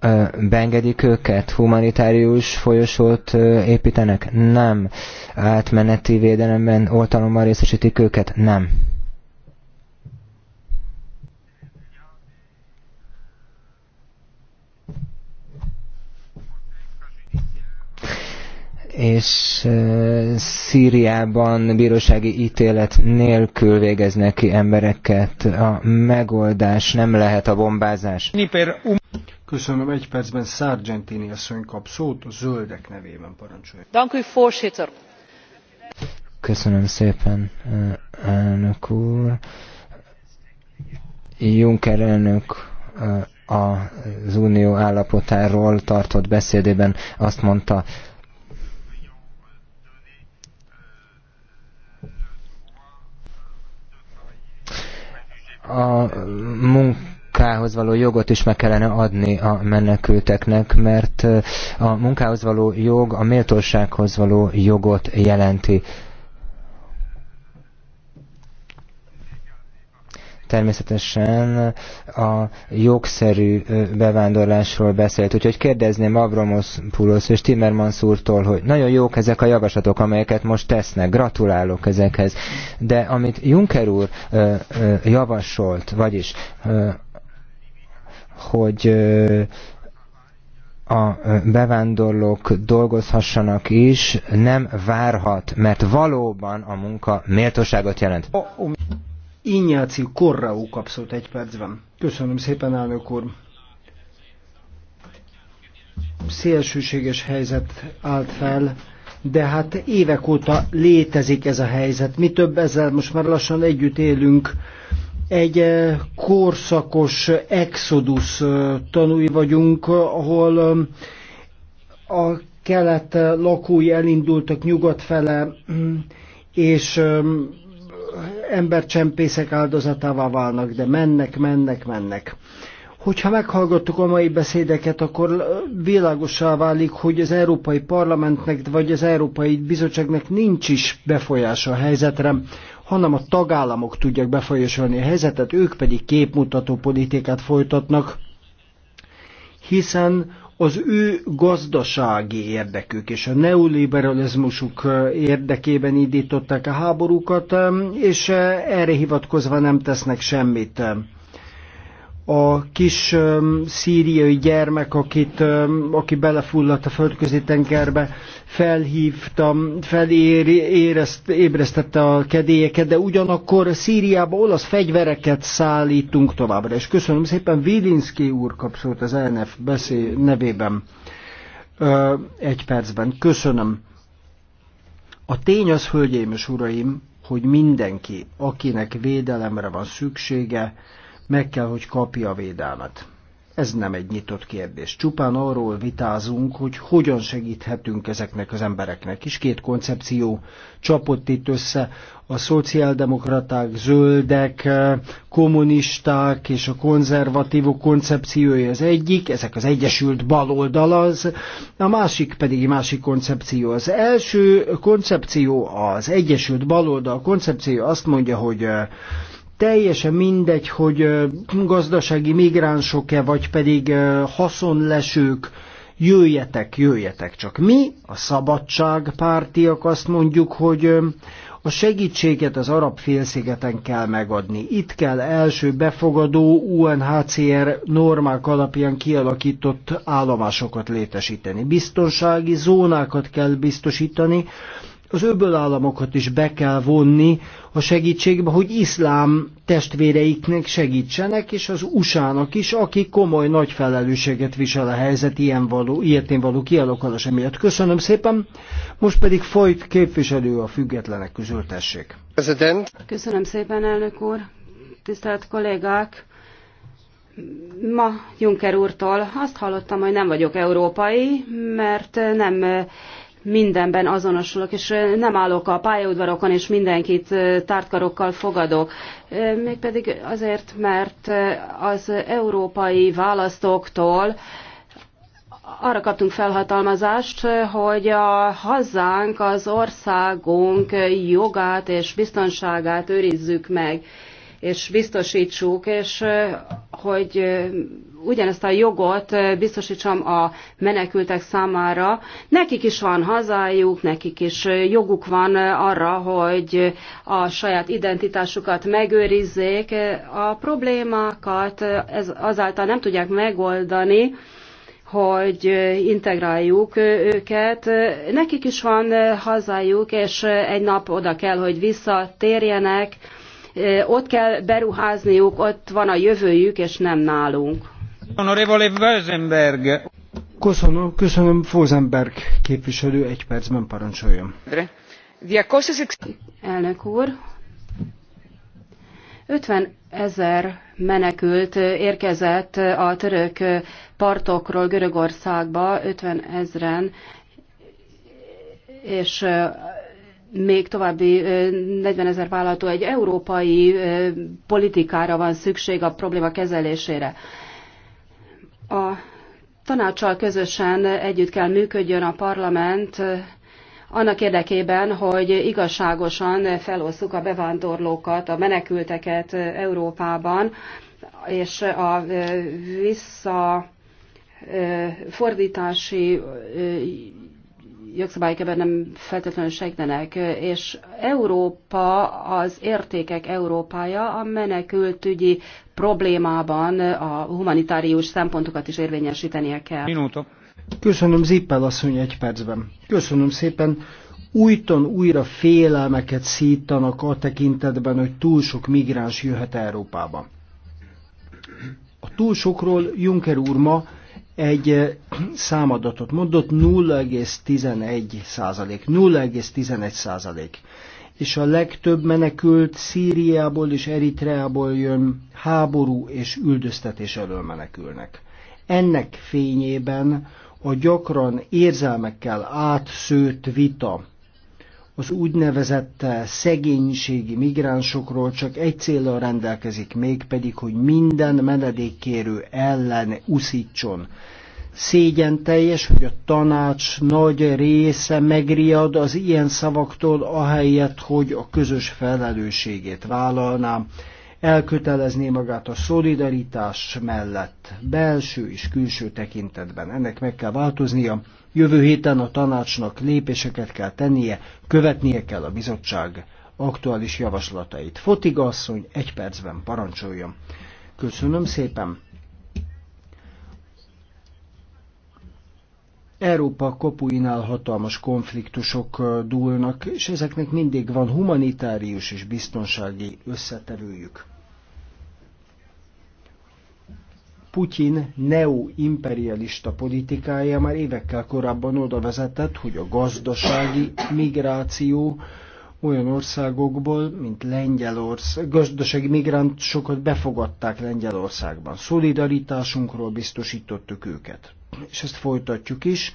Eh, beengedik őket, humanitárius folyosót építenek? Nem. Átmeneti védelemben, oltalommal részesítik őket? Nem. és Szíriában bírósági ítélet nélkül végeznek ki embereket. A megoldás nem lehet a bombázás. Köszönöm, egy percben Sargentini asszony kap szót, a zöldek nevében parancsolja. Köszönöm szépen, elnök úr. Juncker elnök az unió állapotáról tartott beszédében azt mondta, a munkához való jogot is meg kellene adni a menekülteknek, mert a munkához való jog a méltósághoz való jogot jelenti. természetesen a jogszerű bevándorlásról beszélt. Úgyhogy kérdezném Pulos és Timmermans úrtól, hogy nagyon jók ezek a javaslatok, amelyeket most tesznek. Gratulálok ezekhez. De amit Juncker úr javasolt, vagyis hogy a bevándorlók dolgozhassanak is, nem várhat, mert valóban a munka méltóságot jelent. Ignáció Korraó kapszott egy percben. Köszönöm szépen, elnök úr. Szélsőséges helyzet állt fel, de hát évek óta létezik ez a helyzet. Mi több ezzel most már lassan együtt élünk. Egy eh, korszakos exodus eh, tanúi vagyunk, ahol eh, a kelet lakói elindultak nyugat fele, és embercsempészek áldozatává válnak, de mennek, mennek, mennek. Hogyha meghallgattuk a mai beszédeket, akkor világosá válik, hogy az Európai Parlamentnek vagy az Európai Bizottságnak nincs is befolyása a helyzetre, hanem a tagállamok tudják befolyásolni a helyzetet, ők pedig képmutató politikát folytatnak, hiszen az ő gazdasági érdekük és a neoliberalizmusuk eh, érdekében indították a háborúkat, eh, és eh, erre hivatkozva nem tesznek semmit a kis szíriai gyermek, akit, aki belefulladt a földközi tengerbe, felhívtam, felébresztette a kedélyeket, de ugyanakkor Szíriába olasz fegyvereket szállítunk továbbra. És köszönöm szépen, Vilinszki úr kapcsolt az ENF beszél nevében egy percben. Köszönöm. A tény az, hölgyeim és uraim, hogy mindenki, akinek védelemre van szüksége, meg kell, hogy kapja a védelmet. Ez nem egy nyitott kérdés. Csupán arról vitázunk, hogy hogyan segíthetünk ezeknek az embereknek. is. két koncepció csapott itt össze. A szociáldemokraták, zöldek, kommunisták és a konzervatívok koncepciója az egyik, ezek az egyesült baloldal az, a másik pedig másik koncepció. Az első koncepció, az egyesült baloldal koncepció azt mondja, hogy teljesen mindegy, hogy gazdasági migránsok-e, vagy pedig haszonlesők, jöjjetek, jöjjetek csak. Mi, a szabadságpártiak azt mondjuk, hogy a segítséget az arab félszigeten kell megadni. Itt kell első befogadó UNHCR normák alapján kialakított állomásokat létesíteni. Biztonsági zónákat kell biztosítani, az öböl államokat is be kell vonni a segítségbe, hogy iszlám testvéreiknek segítsenek, és az USA-nak is, aki komoly nagy felelősséget visel a helyzet ilyen való, ilyetén való kialakulása miatt. Köszönöm szépen, most pedig folyt képviselő a függetlenek közül tessék. Köszönöm szépen, elnök úr, tisztelt kollégák! Ma Juncker úrtól azt hallottam, hogy nem vagyok európai, mert nem mindenben azonosulok, és nem állok a pályaudvarokon, és mindenkit tártkarokkal fogadok. Mégpedig azért, mert az európai választóktól arra kaptunk felhatalmazást, hogy a hazánk, az országunk jogát és biztonságát őrizzük meg és biztosítsuk, és hogy ugyanezt a jogot biztosítsam a menekültek számára. Nekik is van hazájuk, nekik is joguk van arra, hogy a saját identitásukat megőrizzék. A problémákat ez azáltal nem tudják megoldani, hogy integráljuk őket. Nekik is van hazájuk, és egy nap oda kell, hogy visszatérjenek ott kell beruházniuk, ott van a jövőjük, és nem nálunk. Honorable Weisenberg. Köszönöm, köszönöm Fosenberg képviselő, egy percben parancsoljon. Elnök úr, 50 ezer menekült érkezett a török partokról Görögországba, 50 ezren, és még további 40 ezer vállalatú egy európai politikára van szükség a probléma kezelésére. A tanácssal közösen együtt kell működjön a parlament annak érdekében, hogy igazságosan felosszuk a bevándorlókat, a menekülteket Európában, és a visszafordítási jogszabályok ebben nem feltétlenül segítenek, és Európa az értékek Európája a menekültügyi problémában a humanitárius szempontokat is érvényesítenie kell. Minuto. Köszönöm Zippel asszony egy percben. Köszönöm szépen. Újton újra félelmeket szítanak a tekintetben, hogy túl sok migráns jöhet Európába. A túl sokról Juncker úr ma egy számadatot mondott, 0,11 százalék. 0,11 százalék. És a legtöbb menekült Szíriából és Eritreából jön háború és üldöztetés elől menekülnek. Ennek fényében a gyakran érzelmekkel átszőtt vita az úgynevezett szegénységi migránsokról csak egy célra rendelkezik, mégpedig, hogy minden menedékkérő ellen uszítson. Szégyen teljes, hogy a tanács nagy része megriad az ilyen szavaktól, ahelyett, hogy a közös felelősségét vállalná, elkötelezné magát a szolidaritás mellett, belső és külső tekintetben. Ennek meg kell változnia, Jövő héten a tanácsnak lépéseket kell tennie, követnie kell a bizottság aktuális javaslatait. Fotiga asszony egy percben parancsoljon. Köszönöm szépen! Európa kapuinál hatalmas konfliktusok dúlnak, és ezeknek mindig van humanitárius és biztonsági összetevőjük. Putyin neoimperialista politikája már évekkel korábban oda vezetett, hogy a gazdasági migráció olyan országokból, mint Lengyelország, gazdasági migránsokat befogadták Lengyelországban. Szolidaritásunkról biztosítottuk őket. És ezt folytatjuk is.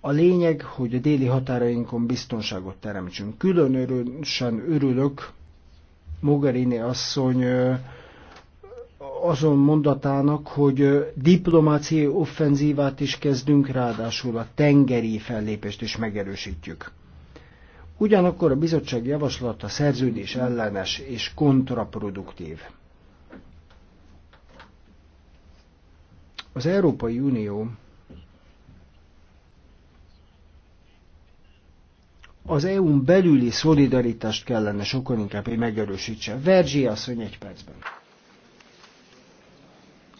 A lényeg, hogy a déli határainkon biztonságot teremtsünk. Különösen örülök Mogherini asszony azon mondatának, hogy diplomáciai offenzívát is kezdünk, ráadásul a tengeri fellépést is megerősítjük. Ugyanakkor a bizottság javaslata szerződés ellenes és kontraproduktív. Az Európai Unió az EU-n belüli szolidaritást kellene sokkal inkább, hogy megerősítse. Vergyi asszony egy percben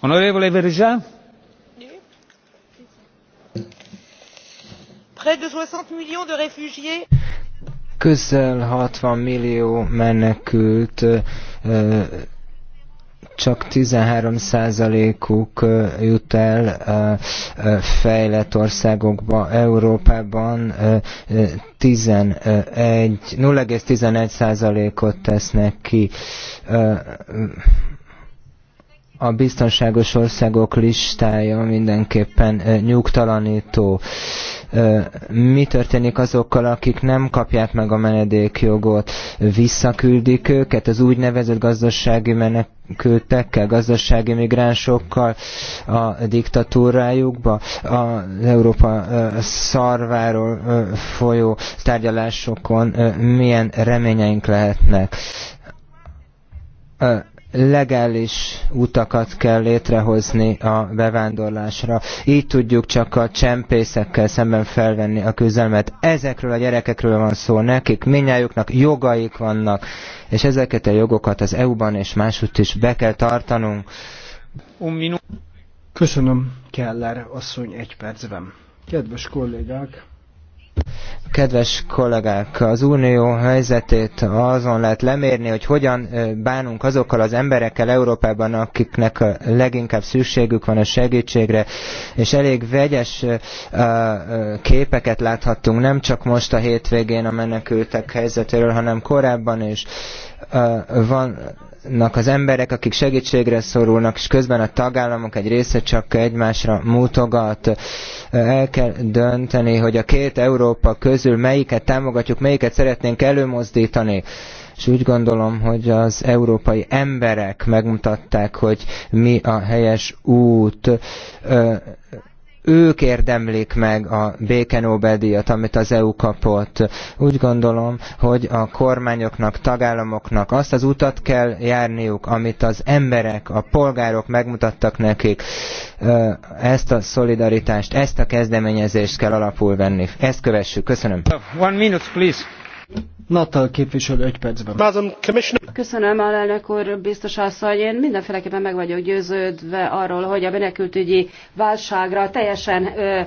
près de soixante millions de réfugiés közel 60 millió menekült, csak 13 százalékuk jut el fejlett országokba. Európában 11, 0,11 százalékot tesznek ki a biztonságos országok listája mindenképpen nyugtalanító. Mi történik azokkal, akik nem kapják meg a menedékjogot? Visszaküldik őket az úgynevezett gazdasági menekültekkel, gazdasági migránsokkal a diktatúrájukba? Az Európa szarváról folyó tárgyalásokon milyen reményeink lehetnek? legális utakat kell létrehozni a bevándorlásra. Így tudjuk csak a csempészekkel szemben felvenni a küzdelmet. Ezekről a gyerekekről van szó nekik, minnyájuknak jogaik vannak, és ezeket a jogokat az EU-ban és másutt is be kell tartanunk. Köszönöm, Keller asszony, egy percben. Kedves kollégák! Kedves kollégák, az unió helyzetét azon lehet lemérni, hogy hogyan bánunk azokkal az emberekkel Európában, akiknek a leginkább szükségük van a segítségre, és elég vegyes képeket láthattunk, nem csak most a hétvégén a menekültek helyzetéről, hanem korábban is van azoknak az emberek, akik segítségre szorulnak, és közben a tagállamok egy része csak egymásra mutogat. El kell dönteni, hogy a két Európa közül melyiket támogatjuk, melyiket szeretnénk előmozdítani és úgy gondolom, hogy az európai emberek megmutatták, hogy mi a helyes út ők érdemlik meg a béke Nobel-díjat, amit az EU kapott. Úgy gondolom, hogy a kormányoknak, tagállamoknak azt az utat kell járniuk, amit az emberek, a polgárok megmutattak nekik. Ezt a szolidaritást, ezt a kezdeményezést kell alapul venni. Ezt kövessük. Köszönöm. One minute, please. Natal képviselő egy percben. Köszönöm, alelnök úr, biztos asszony. Én mindenféleképpen meg vagyok győződve arról, hogy a menekültügyi válságra teljesen ö,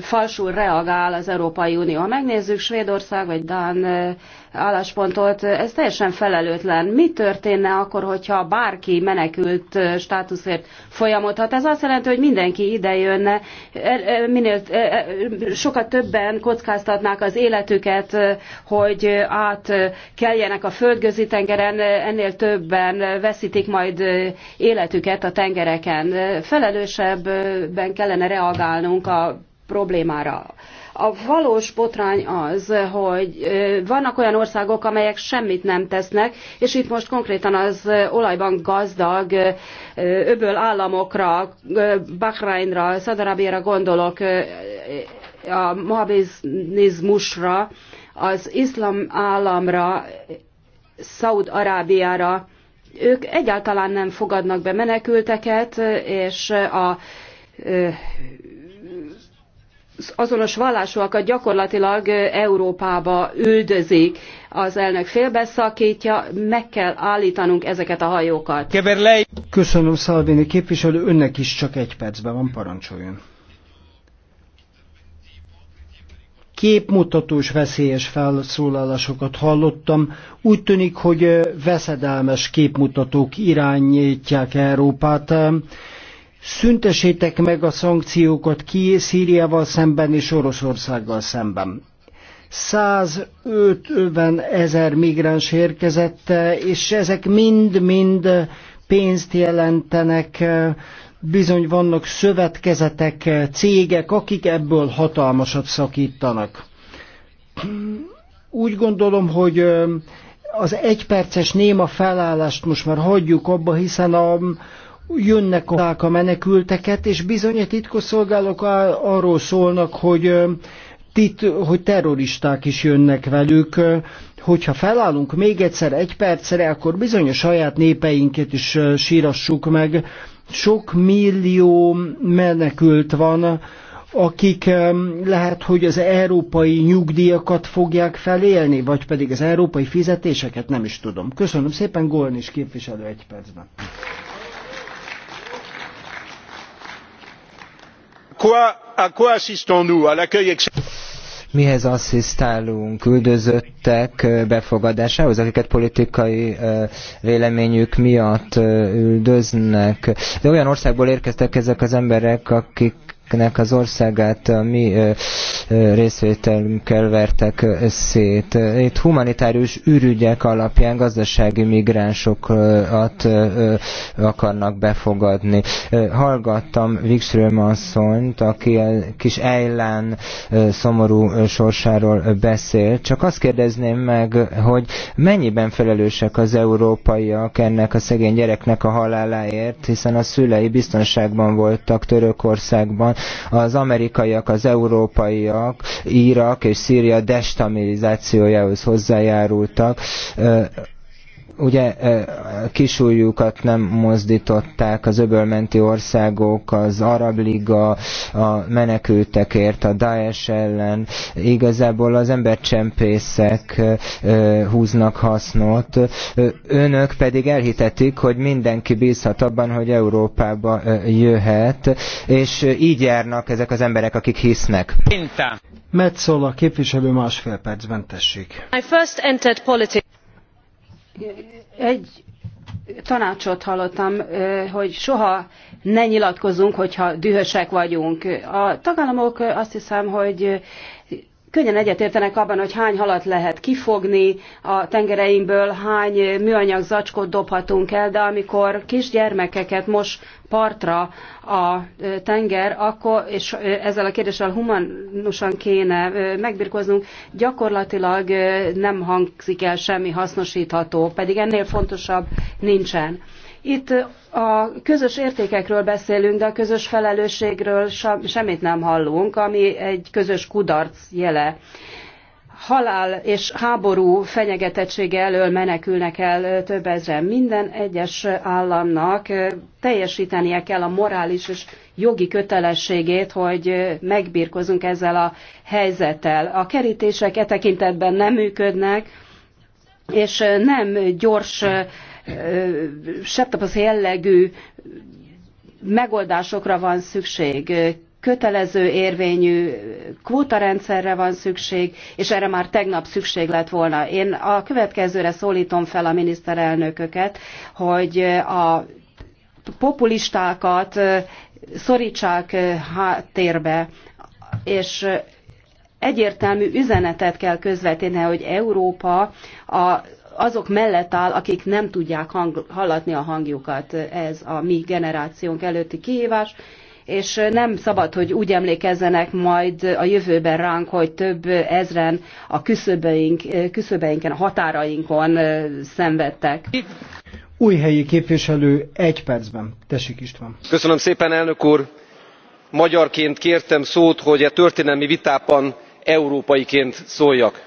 falsul reagál az Európai Unió. Ha megnézzük Svédország vagy Dán álláspontot, ez teljesen felelőtlen. Mi történne akkor, hogyha bárki menekült státuszért folyamodhat? Ez azt jelenti, hogy mindenki ide jönne, minél sokat többen kockáztatnák az életüket, hogy át keljenek a földgözi tengeren, ennél többen veszítik majd életüket a tengereken. Felelősebben kellene reagálnunk a problémára. A valós botrány az, hogy vannak olyan országok, amelyek semmit nem tesznek, és itt most konkrétan az olajban gazdag öböl államokra, Bahrainra, Szadarabiára gondolok, a mohabizmusra, az iszlam államra, Szaud-Arábiára, ők egyáltalán nem fogadnak be menekülteket, és a azonos vallásúakat gyakorlatilag Európába üldözik. Az elnök félbeszakítja, meg kell állítanunk ezeket a hajókat. Köszönöm, Salvini képviselő, önnek is csak egy percben van, parancsoljon. képmutatós veszélyes felszólalásokat hallottam. Úgy tűnik, hogy veszedelmes képmutatók irányítják Európát szüntessétek meg a szankciókat Kié Szíriával szemben és Oroszországgal szemben. 150 ezer migráns érkezett, és ezek mind-mind pénzt jelentenek, bizony vannak szövetkezetek, cégek, akik ebből hatalmasat szakítanak. Úgy gondolom, hogy az egyperces néma felállást most már hagyjuk abba, hiszen a, jönnek a, a menekülteket, és bizony a titkosszolgálók arról szólnak, hogy tit, hogy terroristák is jönnek velük, hogyha felállunk még egyszer egy percre, akkor bizony a saját népeinket is sírassuk meg. Sok millió menekült van, akik lehet, hogy az európai nyugdíjakat fogják felélni, vagy pedig az európai fizetéseket, nem is tudom. Köszönöm szépen, Golnis képviselő egy percben. mihez asszisztálunk üldözöttek befogadásához, akiket politikai véleményük miatt üldöznek. De olyan országból érkeztek ezek az emberek, akik amelyeknek az országát a mi részvételünkkel vertek szét. Itt humanitárius ürügyek alapján gazdasági migránsokat akarnak befogadni. Hallgattam Wikström asszonyt, aki a kis Ejlán szomorú sorsáról beszél. Csak azt kérdezném meg, hogy mennyiben felelősek az európaiak ennek a szegény gyereknek a haláláért, hiszen a szülei biztonságban voltak Törökországban, az amerikaiak, az európaiak, Irak és Szíria destabilizációjához hozzájárultak. Ugye kisújjukat nem mozdították az öbölmenti országok, az Arab Liga, a menekültekért, a Daesh ellen. Igazából az embercsempészek húznak hasznot. Önök pedig elhitetik, hogy mindenki bízhat abban, hogy Európába jöhet, és így járnak ezek az emberek, akik hisznek. Metzola képviselő másfél percben tessék. I first entered politics. Egy tanácsot hallottam, hogy soha ne nyilatkozunk, hogyha dühösek vagyunk. A tagállamok azt hiszem, hogy könnyen egyetértenek abban, hogy hány halat lehet kifogni a tengereinkből, hány műanyag zacskót dobhatunk el, de amikor kisgyermekeket most partra a tenger, akkor, és ezzel a kérdéssel humanusan kéne megbirkoznunk, gyakorlatilag nem hangzik el semmi hasznosítható, pedig ennél fontosabb nincsen. Itt a közös értékekről beszélünk, de a közös felelősségről semmit nem hallunk, ami egy közös kudarc jele. Halál és háború fenyegetettsége elől menekülnek el több ezren. Minden egyes államnak teljesítenie kell a morális és jogi kötelességét, hogy megbírkozunk ezzel a helyzettel. A kerítések e tekintetben nem működnek, és nem gyors septapos jellegű megoldásokra van szükség, kötelező érvényű kvótarendszerre van szükség, és erre már tegnap szükség lett volna. Én a következőre szólítom fel a miniszterelnököket, hogy a populistákat szorítsák háttérbe, és egyértelmű üzenetet kell közvetíteni, hogy Európa a azok mellett áll, akik nem tudják hang, hallatni a hangjukat. Ez a mi generációnk előtti kihívás, és nem szabad, hogy úgy emlékezzenek majd a jövőben ránk, hogy több ezren a küszöbeink, küszöbeinken, a határainkon szenvedtek. Új helyi képviselő egy percben. Tessék István. Köszönöm szépen, elnök úr. Magyarként kértem szót, hogy a e történelmi vitában európaiként szóljak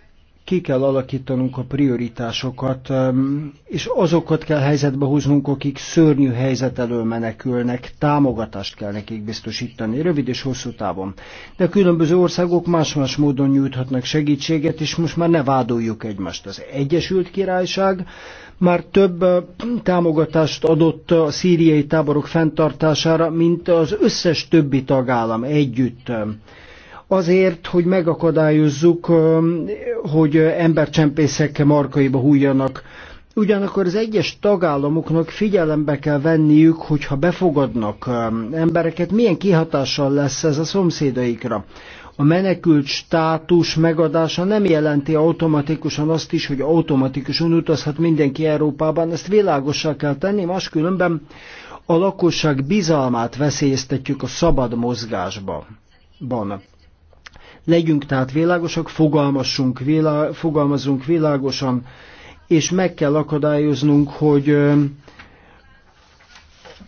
ki kell alakítanunk a prioritásokat, um, és azokat kell helyzetbe hoznunk, akik szörnyű helyzet elől menekülnek, támogatást kell nekik biztosítani, rövid és hosszú távon. De a különböző országok más-más módon nyújthatnak segítséget, és most már ne vádoljuk egymást. Az Egyesült Királyság már több uh, támogatást adott a szíriai táborok fenntartására, mint az összes többi tagállam együtt. Um, azért, hogy megakadályozzuk, hogy embercsempészek markaiba hújjanak. Ugyanakkor az egyes tagállamoknak figyelembe kell venniük, hogyha befogadnak embereket, milyen kihatással lesz ez a szomszédaikra. A menekült státus megadása nem jelenti automatikusan azt is, hogy automatikusan utazhat mindenki Európában, ezt világossá kell tenni, máskülönben a lakosság bizalmát veszélyeztetjük a szabad mozgásban. Legyünk tehát világosak, fogalmassunk vilá, fogalmazzunk világosan, és meg kell akadályoznunk, hogy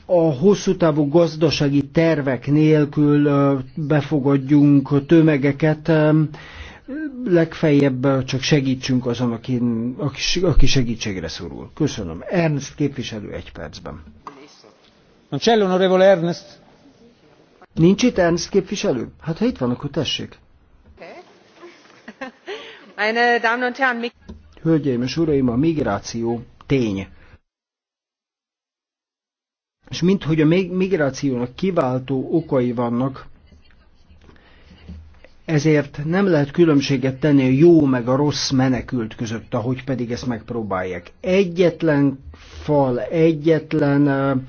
a hosszú távú gazdasági tervek nélkül befogadjunk tömegeket, legfeljebb csak segítsünk azon, aki, aki segítségre szorul. Köszönöm. Ernst képviselő egy percben. Non c'è Nincs itt Ernst képviselő? Hát ha itt van, akkor tessék. Hölgyeim és uraim, a migráció tény. És mint hogy a migrációnak kiváltó okai vannak, ezért nem lehet különbséget tenni a jó meg a rossz menekült között, ahogy pedig ezt megpróbálják. Egyetlen fal, egyetlen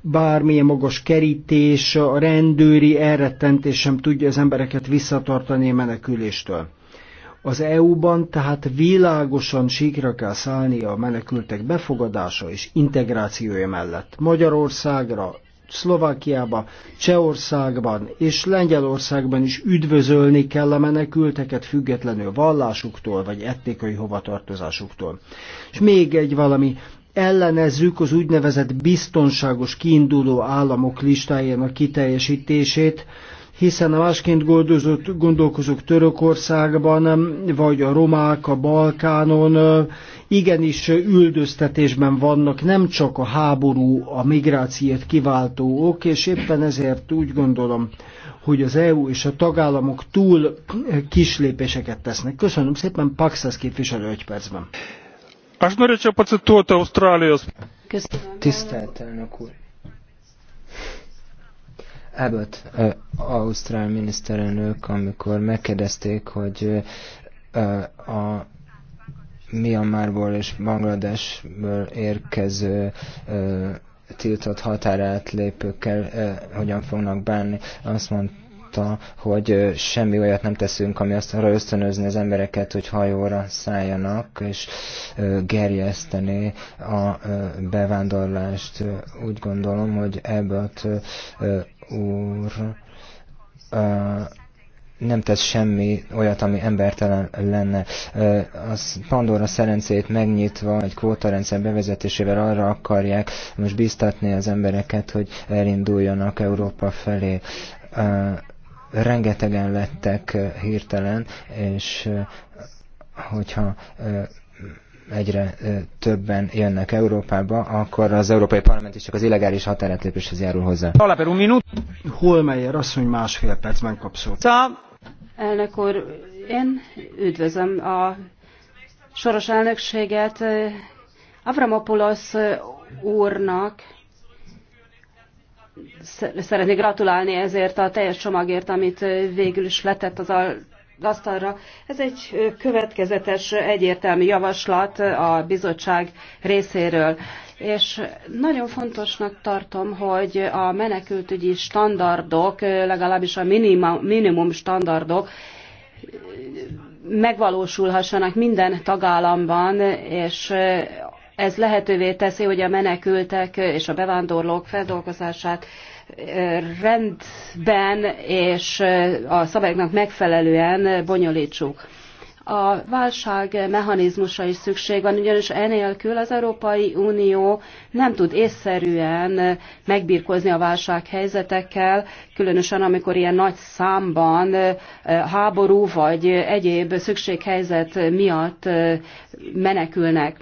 bármilyen magas kerítés, a rendőri elrettentés sem tudja az embereket visszatartani a meneküléstől. Az EU-ban tehát világosan síkra kell szállni a menekültek befogadása és integrációja mellett. Magyarországra, Szlovákiába, Csehországban és Lengyelországban is üdvözölni kell a menekülteket függetlenül vallásuktól vagy etnikai hovatartozásuktól. És még egy valami, ellenezzük az úgynevezett biztonságos kiinduló államok listájának kiteljesítését, hiszen a másként gondozott, gondolkozók Törökországban, vagy a romák a Balkánon igenis üldöztetésben vannak, nem csak a háború, a migrációt kiváltó ok, és éppen ezért úgy gondolom, hogy az EU és a tagállamok túl kis lépéseket tesznek. Köszönöm szépen, Paxas képviselő egy percben. Köszönöm, Tisztelt elnök úr. Abbott, Ausztrál miniszterelnök, amikor megkérdezték, hogy a Myanmarból és Bangladesből érkező tiltott határátlépőkkel hogyan fognak bánni, azt mondta, hogy semmi olyat nem teszünk, ami azt arra ösztönözni az embereket, hogy hajóra szálljanak, és gerjeszteni a bevándorlást. Úgy gondolom, hogy ebből úr nem tesz semmi olyat, ami embertelen lenne. Az Pandora szerencét megnyitva egy kvótarendszer bevezetésével arra akarják most biztatni az embereket, hogy elinduljanak Európa felé. Rengetegen lettek hirtelen, és hogyha egyre többen jönnek Európába, akkor az Európai Parlament is csak az illegális határátlépéshez járul hozzá. Alapel un minut. Holmeyer asszony másfél percben kap szót. Elnök úr, én üdvözlöm a soros elnökséget. Avramopoulos úrnak szeretnék gratulálni ezért a teljes csomagért, amit végül is letett az a asztalra. Ez egy következetes, egyértelmű javaslat a bizottság részéről. És nagyon fontosnak tartom, hogy a menekültügyi standardok, legalábbis a minimum, minimum standardok megvalósulhassanak minden tagállamban, és ez lehetővé teszi, hogy a menekültek és a bevándorlók feldolgozását rendben és a szabályoknak megfelelően bonyolítsuk. A válság mechanizmusa is szükség van, ugyanis enélkül az Európai Unió nem tud észszerűen megbirkózni a válság helyzetekkel, különösen amikor ilyen nagy számban háború vagy egyéb szükséghelyzet miatt menekülnek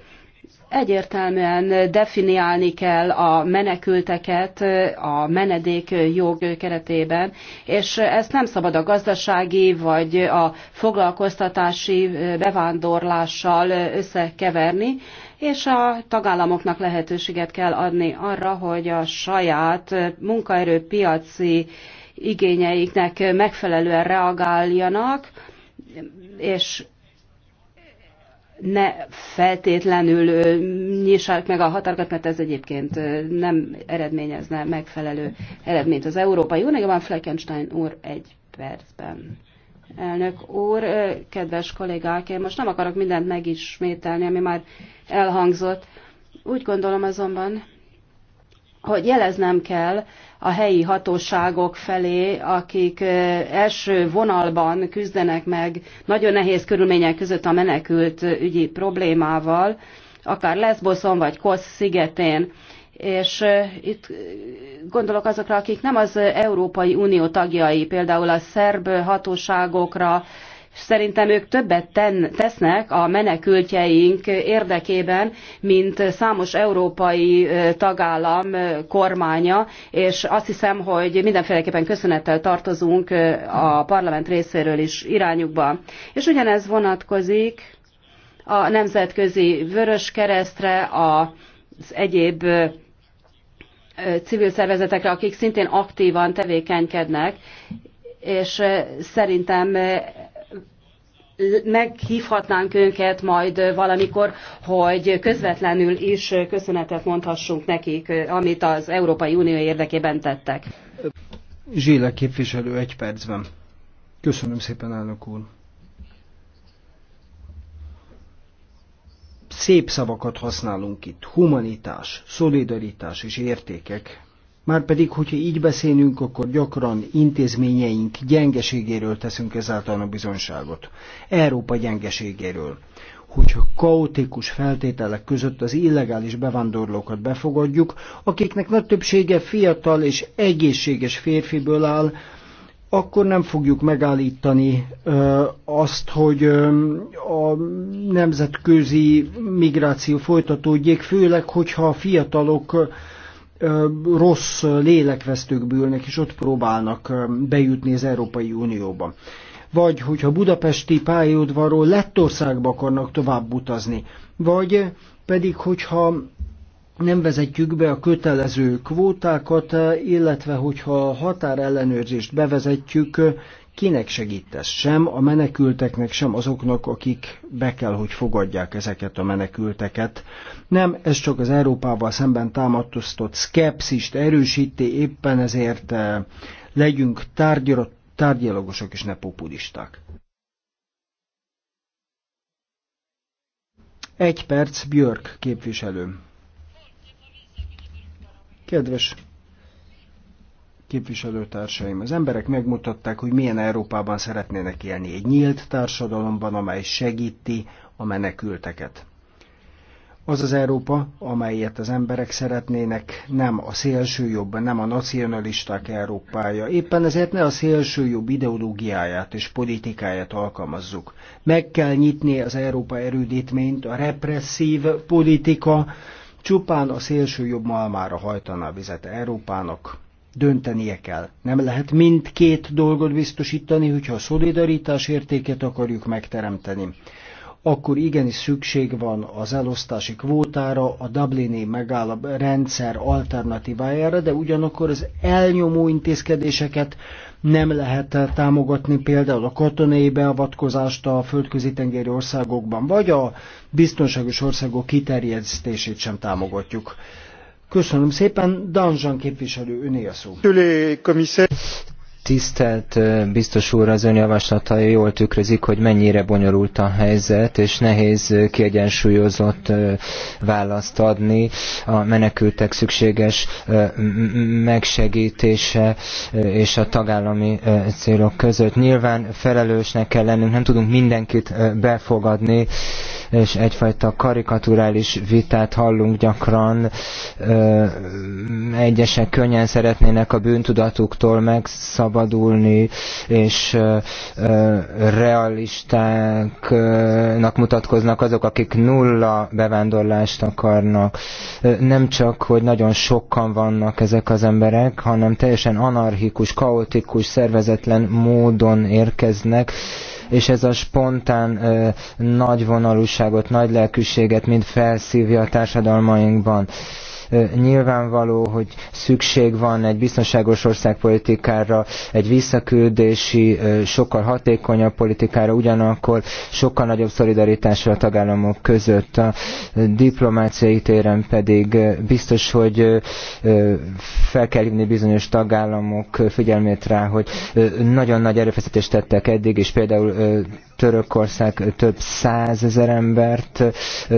egyértelműen definiálni kell a menekülteket a menedék jog keretében, és ezt nem szabad a gazdasági vagy a foglalkoztatási bevándorlással összekeverni, és a tagállamoknak lehetőséget kell adni arra, hogy a saját munkaerőpiaci igényeiknek megfelelően reagáljanak, és ne feltétlenül nyissák meg a határokat, mert ez egyébként nem eredményezne megfelelő eredményt az Európai Unióban. Fleckenstein úr egy percben. Elnök úr, kedves kollégák, én most nem akarok mindent megismételni, ami már elhangzott. Úgy gondolom azonban, hogy jeleznem kell, a helyi hatóságok felé, akik első vonalban küzdenek meg nagyon nehéz körülmények között a menekült ügyi problémával, akár Lesboszon vagy Kosz szigetén. És itt gondolok azokra, akik nem az Európai Unió tagjai, például a szerb hatóságokra, Szerintem ők többet ten, tesznek a menekültjeink érdekében, mint számos európai tagállam kormánya, és azt hiszem, hogy mindenféleképpen köszönettel tartozunk a parlament részéről is irányukba. És ugyanez vonatkozik a Nemzetközi vörös Keresztre, az egyéb civil szervezetekre, akik szintén aktívan tevékenykednek, és szerintem meghívhatnánk önket majd valamikor, hogy közvetlenül is köszönetet mondhassunk nekik, amit az Európai Unió érdekében tettek. Zsile képviselő egy percben. Köszönöm szépen, elnök úr. Szép szavakat használunk itt. Humanitás, szolidaritás és értékek Márpedig, hogyha így beszélünk, akkor gyakran intézményeink gyengeségéről teszünk ezáltal a bizonyságot. Európa gyengeségéről. Hogyha kaotikus feltételek között az illegális bevándorlókat befogadjuk, akiknek nagy többsége fiatal és egészséges férfiből áll, akkor nem fogjuk megállítani ö, azt, hogy ö, a nemzetközi migráció folytatódjék, főleg, hogyha a fiatalok ö, rossz lélekvesztők bűlnek, és ott próbálnak bejutni az Európai Unióba. Vagy hogyha budapesti pályaudvarról Lettországba akarnak tovább utazni, vagy pedig hogyha nem vezetjük be a kötelező kvótákat, illetve hogyha a határellenőrzést bevezetjük, kinek segít ez? Sem a menekülteknek, sem azoknak, akik be kell, hogy fogadják ezeket a menekülteket. Nem, ez csak az Európával szemben támadtoztott szkepszist erősíti, éppen ezért eh, legyünk tárgyal, tárgyalogosok és ne populisták. Egy perc, Björk képviselő. Kedves képviselőtársaim, az emberek megmutatták, hogy milyen Európában szeretnének élni, egy nyílt társadalomban, amely segíti a menekülteket. Az az Európa, amelyet az emberek szeretnének, nem a szélsőjobb, nem a nacionalisták Európája. Éppen ezért ne a szélsőjobb ideológiáját és politikáját alkalmazzuk. Meg kell nyitni az Európa erődítményt, a represszív politika csupán a szélsőjobb malmára hajtaná vizet Európának, döntenie kell. Nem lehet mindkét dolgot biztosítani, hogyha a szolidaritás értékét akarjuk megteremteni. Akkor igenis szükség van az elosztási kvótára, a Dublini megállap rendszer alternatívájára, de ugyanakkor az elnyomó intézkedéseket nem lehet támogatni, például a katonai beavatkozást a földközi tengeri országokban, vagy a biztonságos országok kiterjesztését sem támogatjuk. Köszönöm szépen, Danzsan képviselő, öné a szó. Tisztelt biztos úr, az ön javaslatai jól tükrözik, hogy mennyire bonyolult a helyzet, és nehéz kiegyensúlyozott választ adni a menekültek szükséges megsegítése és a tagállami célok között. Nyilván felelősnek kell lennünk, nem tudunk mindenkit befogadni, és egyfajta karikaturális vitát hallunk gyakran. Egyesek könnyen szeretnének a bűntudatuktól megszabadulni, és realistáknak mutatkoznak azok, akik nulla bevándorlást akarnak. Nem csak, hogy nagyon sokan vannak ezek az emberek, hanem teljesen anarchikus, kaotikus, szervezetlen módon érkeznek, és ez a spontán nagy vonalúságot, nagy lelkűséget mind felszívja a társadalmainkban. Nyilvánvaló, hogy szükség van egy biztonságos országpolitikára, egy visszaküldési, sokkal hatékonyabb politikára, ugyanakkor sokkal nagyobb szolidaritásra a tagállamok között. A diplomáciai téren pedig biztos, hogy fel kell hívni bizonyos tagállamok figyelmét rá, hogy nagyon nagy erőfeszítést tettek eddig, és például Törökország több százezer embert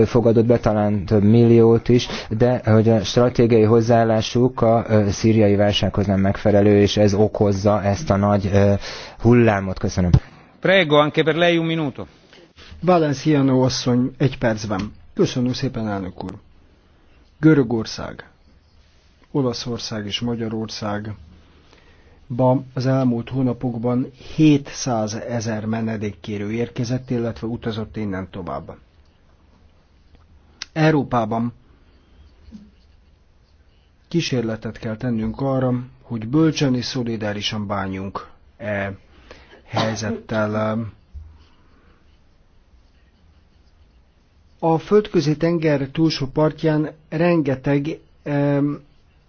fogadott be, talán több milliót is, de hogy a stratégiai hozzáállásuk a szíriai válsághoz nem megfelelő, és ez okozza ezt a nagy hullámot. Köszönöm. Prego, anche per lei un minuto. Valenciano asszony, egy percben. Köszönöm szépen, elnök úr. Görögország, Olaszország és Magyarország Ba az elmúlt hónapokban 700 ezer menedékkérő érkezett, illetve utazott innen tovább. Európában kísérletet kell tennünk arra, hogy bölcsen és szolidárisan bánjunk e helyzettel. A földközi tenger túlsó partján rengeteg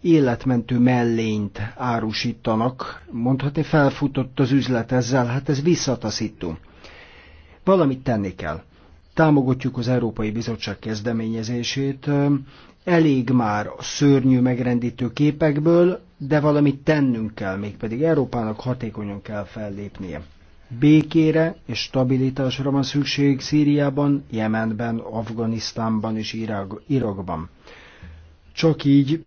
életmentő mellényt árusítanak. Mondhatni, felfutott az üzlet ezzel, hát ez visszataszító. Valamit tenni kell. Támogatjuk az Európai Bizottság kezdeményezését, elég már a szörnyű megrendítő képekből, de valamit tennünk kell, mégpedig Európának hatékonyan kell fellépnie. Békére és stabilitásra van szükség Szíriában, Jemenben, Afganisztánban és Irakban. Csak így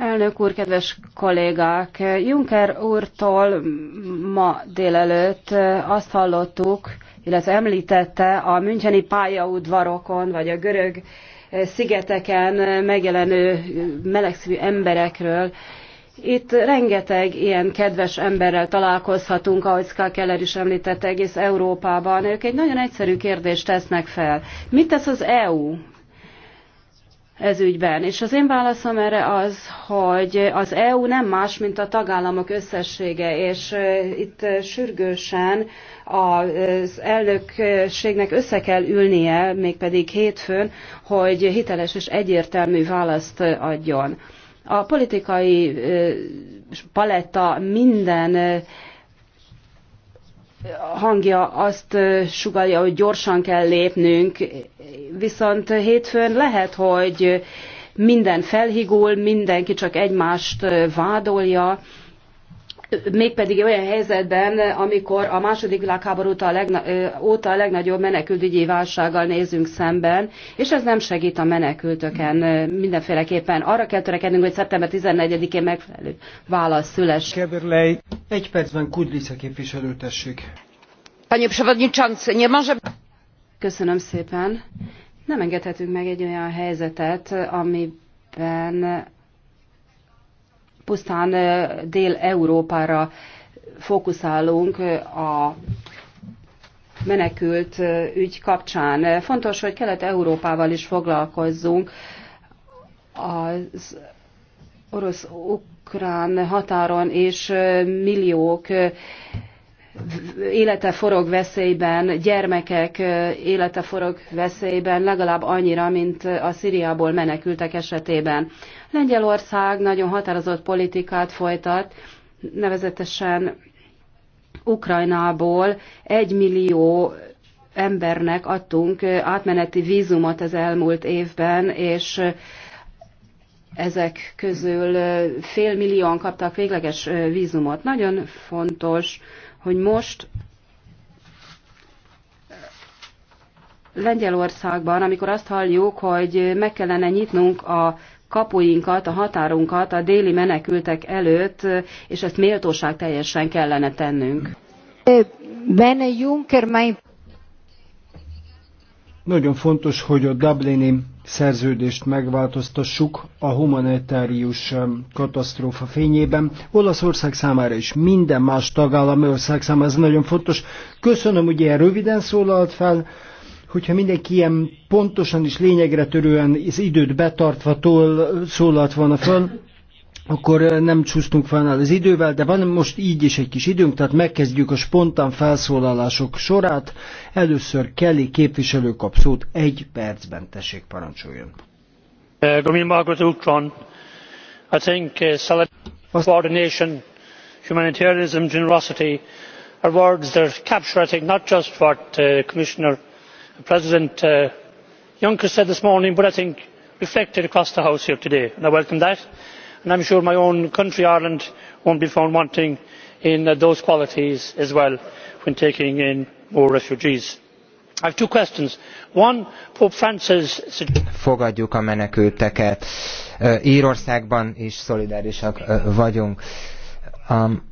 Elnök úr, kedves kollégák! Juncker úrtól ma délelőtt azt hallottuk, illetve említette a Müncheni pályaudvarokon, vagy a görög szigeteken megjelenő melegszívű emberekről. Itt rengeteg ilyen kedves emberrel találkozhatunk, ahogy Ska Keller is említette, egész Európában. Ők egy nagyon egyszerű kérdést tesznek fel. Mit tesz az EU? ez ügyben. És az én válaszom erre az, hogy az EU nem más, mint a tagállamok összessége, és itt sürgősen az elnökségnek össze kell ülnie, mégpedig hétfőn, hogy hiteles és egyértelmű választ adjon. A politikai paletta minden hangja azt sugalja, hogy gyorsan kell lépnünk, viszont hétfőn lehet, hogy minden felhigul, mindenki csak egymást vádolja, mégpedig olyan helyzetben, amikor a második világháború óta a legnagyobb menekültügyi válsággal nézünk szemben, és ez nem segít a menekültöken mindenféleképpen. Arra kell törekednünk, hogy szeptember 14-én megfelelő válasz szüles. Keberlej, egy percben Kudlice képviselő tessék. Köszönöm szépen. Nem engedhetünk meg egy olyan helyzetet, amiben pusztán Dél-Európára fókuszálunk a menekült ügy kapcsán. Fontos, hogy Kelet-Európával is foglalkozzunk. Az orosz-ukrán határon és milliók élete forog veszélyben, gyermekek élete forog veszélyben, legalább annyira, mint a Szíriából menekültek esetében. Lengyelország nagyon határozott politikát folytat, nevezetesen Ukrajnából egy millió embernek adtunk átmeneti vízumot az elmúlt évben, és ezek közül fél millióan kaptak végleges vízumot. Nagyon fontos, hogy most eh, Lengyelországban, amikor azt halljuk, hogy meg kellene nyitnunk a kapuinkat, a határunkat a déli menekültek előtt, eh, és ezt méltóság teljesen kellene tennünk. Eh, Bene Juncker, Nagyon fontos, hogy a Dublini szerződést megváltoztassuk a humanitárius katasztrófa fényében. Olaszország számára is minden más tagállami ország számára ez nagyon fontos. Köszönöm, hogy ilyen röviden szólalt fel, hogyha mindenki ilyen pontosan és lényegre törően az időt betartva szólalt volna föl, akkor nem csúsztunk fennel az idővel, de van most így is egy kis időnk, tehát megkezdjük a spontán felszólalások sorát. Először Kelly képviselő kap szót, egy percben tessék parancsoljon. Eh, I think solid eh, humanitarianism, generosity are words that capture, I think, not just what uh, Commissioner President uh, Juncker said this morning, but I think reflected across the House here today, and I welcome that and i am sure my own country ireland will not be found wanting in uh, those qualities as well when taking in more refugees. i have two questions. one pope francis. fogadjuk a menekülteket rországban is szolidárisak vagyunk. Um,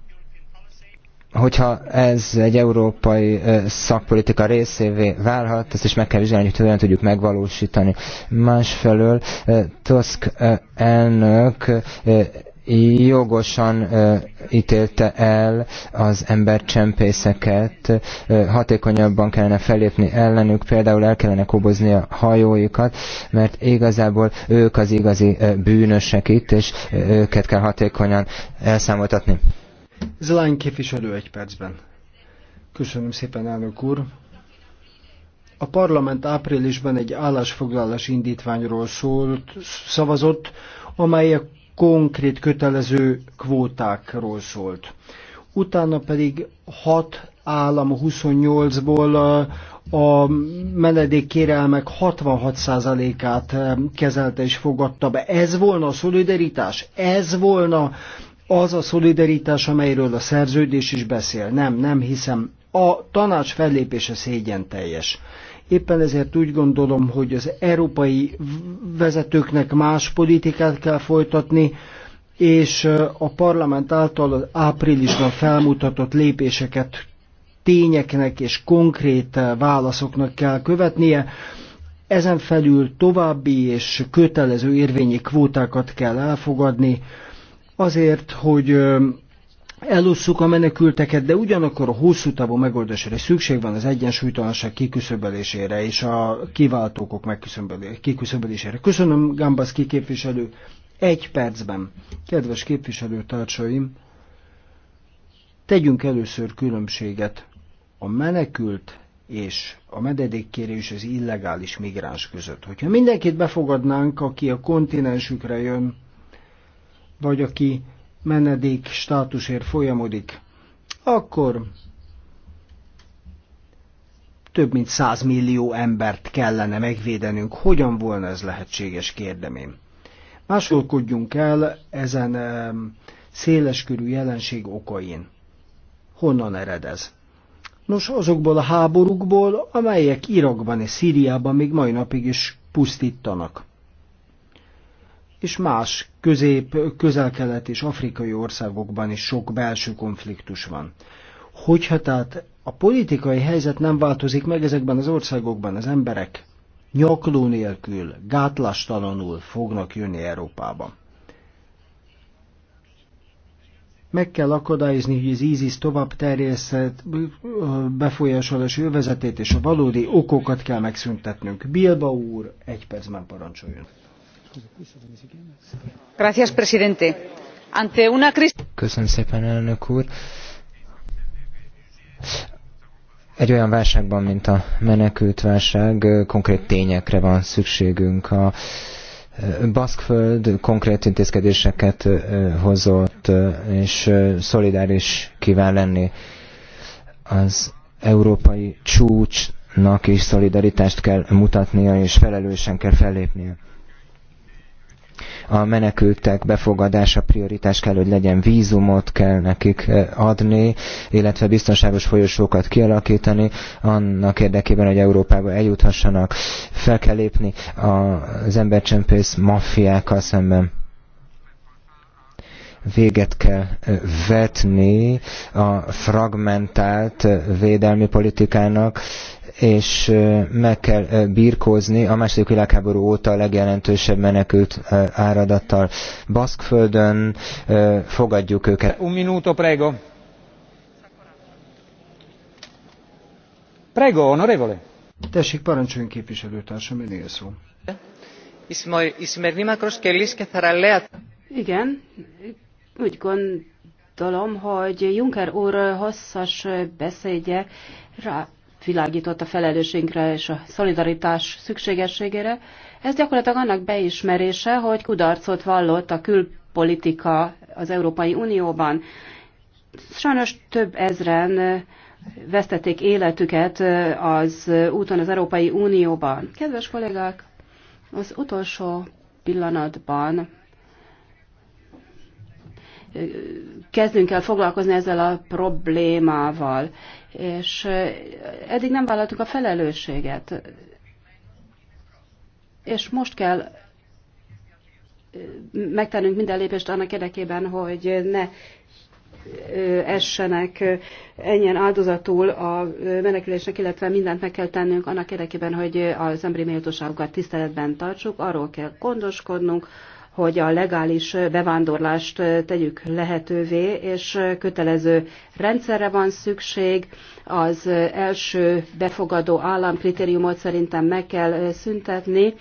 Hogyha ez egy európai szakpolitika részévé válhat, ezt is meg kell vizsgálni, hogy hogyan tudjuk megvalósítani. Másfelől Tusk elnök jogosan ítélte el az embercsempészeket, hatékonyabban kellene felépni ellenük, például el kellene kobozni a hajóikat, mert igazából ők az igazi bűnösek itt, és őket kell hatékonyan elszámoltatni. Zlány képviselő egy percben. Köszönöm szépen, elnök úr. A parlament áprilisban egy állásfoglalás indítványról szólt, szavazott, amely a konkrét kötelező kvótákról szólt. Utána pedig hat állam 28-ból a menedékkérelmek 66%-át kezelte és fogadta be. Ez volna a szolidaritás, ez volna az a szolidaritás, amelyről a szerződés is beszél. Nem, nem hiszem. A tanács fellépése szégyen teljes. Éppen ezért úgy gondolom, hogy az európai vezetőknek más politikát kell folytatni, és a parlament által az áprilisban felmutatott lépéseket tényeknek és konkrét válaszoknak kell követnie. Ezen felül további és kötelező érvényi kvótákat kell elfogadni, azért, hogy elosszuk a menekülteket, de ugyanakkor a hosszú távú megoldásra is szükség van az egyensúlytalanság kiküszöbölésére és a kiváltókok kiküszöbölésére. Köszönöm, Gambaszki képviselő, egy percben. Kedves képviselőtársaim, tegyünk először különbséget a menekült és a mededékkérés az illegális migráns között. Hogyha mindenkit befogadnánk, aki a kontinensükre jön, vagy aki menedék státusért folyamodik, akkor több mint 100 millió embert kellene megvédenünk. Hogyan volna ez lehetséges, kérdem én. Másolkodjunk el ezen széleskörű jelenség okain. Honnan ered ez? Nos, azokból a háborúkból, amelyek Irakban és Szíriában még mai napig is pusztítanak és más közép, közel-kelet és afrikai országokban is sok belső konfliktus van. Hogyha tehát a politikai helyzet nem változik meg ezekben az országokban, az emberek nyakló nélkül, gátlástalanul fognak jönni Európába. Meg kell akadályozni, hogy az ISIS tovább terjesztett befolyásolás övezetét és a valódi okokat kell megszüntetnünk. Bilba úr, egy percben parancsoljon. Gracias, presidente. Ante una crisis... Köszönöm szépen, elnök úr. Egy olyan válságban, mint a menekült válság, konkrét tényekre van szükségünk. A Baszkföld konkrét intézkedéseket hozott, és szolidáris kíván lenni. Az európai csúcsnak is szolidaritást kell mutatnia, és felelősen kell fellépnie a menekültek befogadása prioritás kell, hogy legyen vízumot kell nekik eh, adni, illetve biztonságos folyosókat kialakítani, annak érdekében, hogy Európába eljuthassanak, fel kell lépni az embercsempész maffiákkal szemben véget kell vetni a fragmentált védelmi politikának, és meg kell birkózni a II. világháború óta a legjelentősebb menekült áradattal. Baszkföldön fogadjuk őket. Un minuto, prego. Prego, onorevole. Tessék, parancsoljon képviselőtársam, én szó. Igen, úgy gondolom, hogy Juncker úr hosszas beszédje rá világított a felelősségre és a szolidaritás szükségességére. Ez gyakorlatilag annak beismerése, hogy kudarcot vallott a külpolitika az Európai Unióban. Sajnos több ezren vesztették életüket az úton az Európai Unióban. Kedves kollégák, az utolsó pillanatban kezdünk el foglalkozni ezzel a problémával, és eddig nem vállaltuk a felelősséget. És most kell megtennünk minden lépést annak érdekében, hogy ne essenek ennyien áldozatul a menekülésnek, illetve mindent meg kell tennünk annak érdekében, hogy az emberi méltóságokat tiszteletben tartsuk, arról kell gondoskodnunk, hogy a legális bevándorlást tegyük lehetővé, és kötelező rendszerre van szükség. Az első befogadó állam kritériumot szerintem meg kell szüntetni.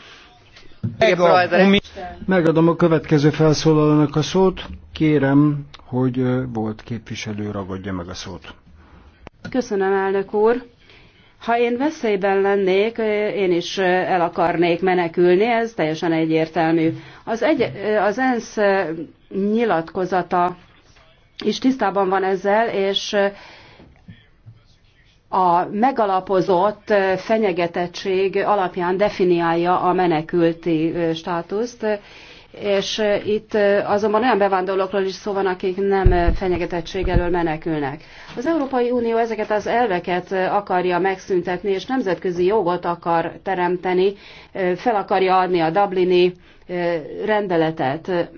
Megadom a következő felszólalónak a szót. Kérem, hogy volt képviselő ragadja meg a szót. Köszönöm, elnök úr. Ha én veszélyben lennék, én is el akarnék menekülni, ez teljesen egyértelmű. Az, egy, az ENSZ nyilatkozata is tisztában van ezzel, és a megalapozott fenyegetettség alapján definiálja a menekülti státuszt és itt azonban olyan bevándorlókról is szó van, akik nem fenyegetettség elől menekülnek. Az Európai Unió ezeket az elveket akarja megszüntetni, és nemzetközi jogot akar teremteni, fel akarja adni a Dublini rendeletet.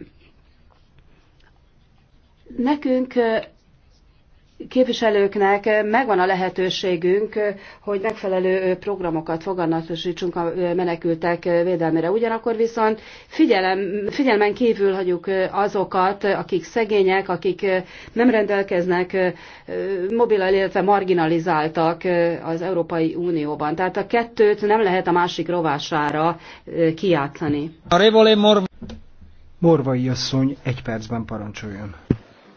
Nekünk képviselőknek megvan a lehetőségünk, hogy megfelelő programokat fogalmazítsunk a menekültek védelmére. Ugyanakkor viszont figyelem, figyelmen kívül hagyjuk azokat, akik szegények, akik nem rendelkeznek mobil, illetve marginalizáltak az Európai Unióban. Tehát a kettőt nem lehet a másik rovására kiátszani. Morvai asszony egy percben parancsoljon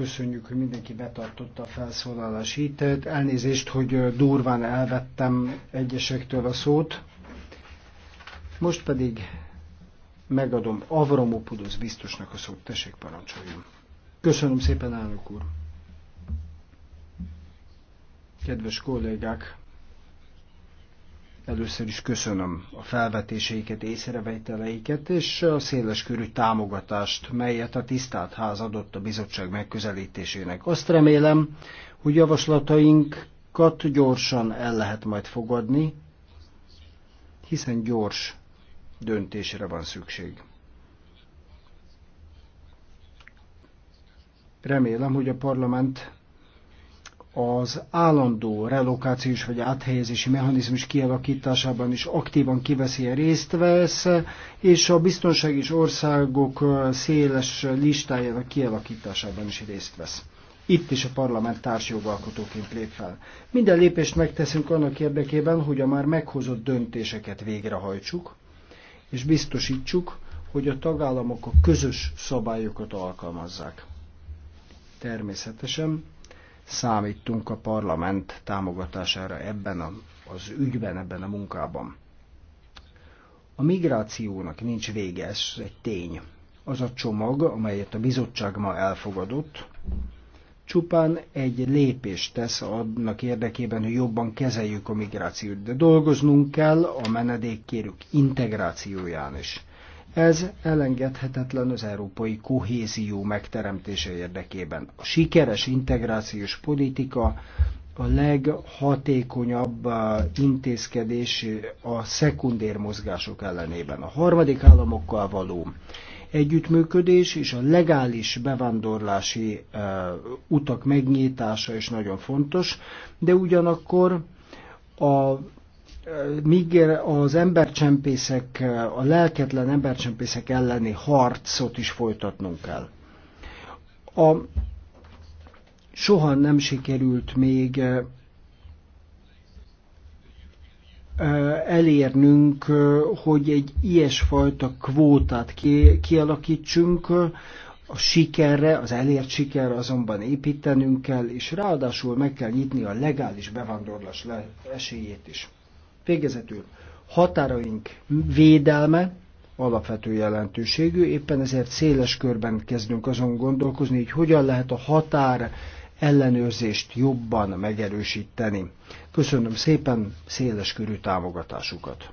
Köszönjük, hogy mindenki betartotta a felszólalási hitelt. Elnézést, hogy durván elvettem egyesektől a szót. Most pedig megadom Avramopulosz biztosnak a szót. Tessék, parancsoljon. Köszönöm szépen, elnök úr. Kedves kollégák, Először is köszönöm a felvetéseiket, észrevételeiket és a széleskörű támogatást, melyet a tisztelt ház adott a bizottság megközelítésének. Azt remélem, hogy javaslatainkat gyorsan el lehet majd fogadni, hiszen gyors döntésre van szükség. Remélem, hogy a parlament az állandó relokációs vagy áthelyezési mechanizmus kialakításában is aktívan kiveszi a részt vesz, és a biztonsági országok széles listájának kialakításában is részt vesz. Itt is a parlament társjogalkotóként lép fel. Minden lépést megteszünk annak érdekében, hogy a már meghozott döntéseket végrehajtsuk, és biztosítsuk, hogy a tagállamok a közös szabályokat alkalmazzák. Természetesen számítunk a parlament támogatására ebben a, az ügyben, ebben a munkában. A migrációnak nincs vége, ez egy tény. Az a csomag, amelyet a bizottság ma elfogadott, csupán egy lépést tesz annak érdekében, hogy jobban kezeljük a migrációt, de dolgoznunk kell a menedékkérők integrációján is. Ez elengedhetetlen az európai kohézió megteremtése érdekében. A sikeres integrációs politika a leghatékonyabb uh, intézkedés a szekundér mozgások ellenében. A harmadik államokkal való együttműködés és a legális bevándorlási uh, utak megnyitása is nagyon fontos, de ugyanakkor a míg az embercsempészek, a lelketlen embercsempészek elleni harcot is folytatnunk kell. A soha nem sikerült még elérnünk, hogy egy ilyesfajta kvótát kialakítsunk, a sikerre, az elért sikerre azonban építenünk kell, és ráadásul meg kell nyitni a legális bevándorlás esélyét is. Végezetül határaink védelme alapvető jelentőségű, éppen ezért széles körben kezdünk azon gondolkozni, hogy hogyan lehet a határ ellenőrzést jobban megerősíteni. Köszönöm szépen széles körű támogatásukat.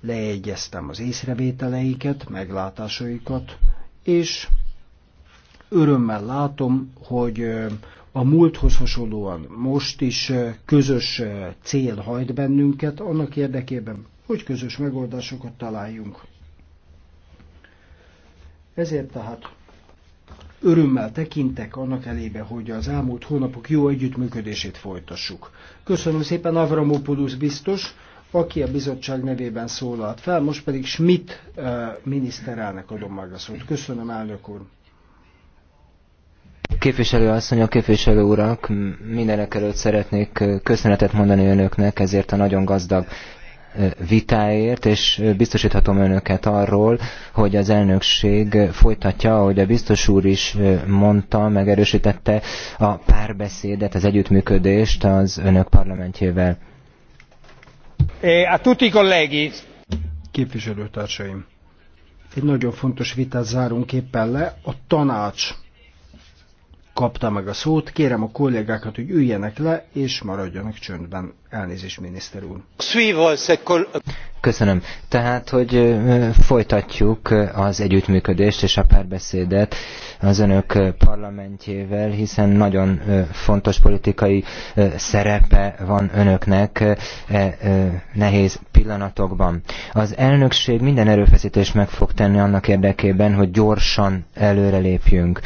Leegyeztem az észrevételeiket, meglátásaikat, és örömmel látom, hogy a múlthoz hasonlóan most is közös cél hajt bennünket annak érdekében, hogy közös megoldásokat találjunk. Ezért tehát örömmel tekintek annak elébe, hogy az elmúlt hónapok jó együttműködését folytassuk. Köszönöm szépen Avramopoulos biztos, aki a bizottság nevében szólalt fel, most pedig Schmidt miniszterelnek adom meg a szót. Köszönöm, elnök úr! Képviselő asszonyok, képviselő urak, mindenek előtt szeretnék köszönetet mondani önöknek ezért a nagyon gazdag vitáért, és biztosíthatom önöket arról, hogy az elnökség folytatja, ahogy a biztos úr is mondta, megerősítette a párbeszédet, az együttműködést az önök parlamentjével. Eh, a tutti colleghi. Képviselőtársaim, egy nagyon fontos vitát zárunk éppen le, a tanács kapta meg a szót. Kérem a kollégákat, hogy üljenek le, és maradjanak csöndben. Elnézést, miniszter úr. Köszönöm. Tehát, hogy folytatjuk az együttműködést és a párbeszédet az önök parlamentjével, hiszen nagyon fontos politikai szerepe van önöknek e, nehéz pillanatokban. Az elnökség minden erőfeszítést meg fog tenni annak érdekében, hogy gyorsan előrelépjünk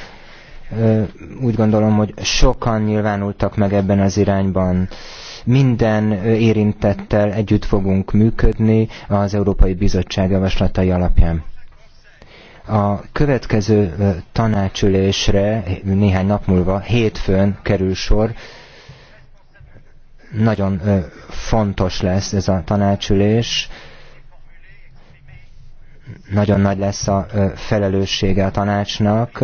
úgy gondolom, hogy sokan nyilvánultak meg ebben az irányban minden érintettel együtt fogunk működni az Európai Bizottság javaslatai alapján. A következő tanácsülésre néhány nap múlva, hétfőn kerül sor, nagyon fontos lesz ez a tanácsülés, nagyon nagy lesz a felelőssége a tanácsnak,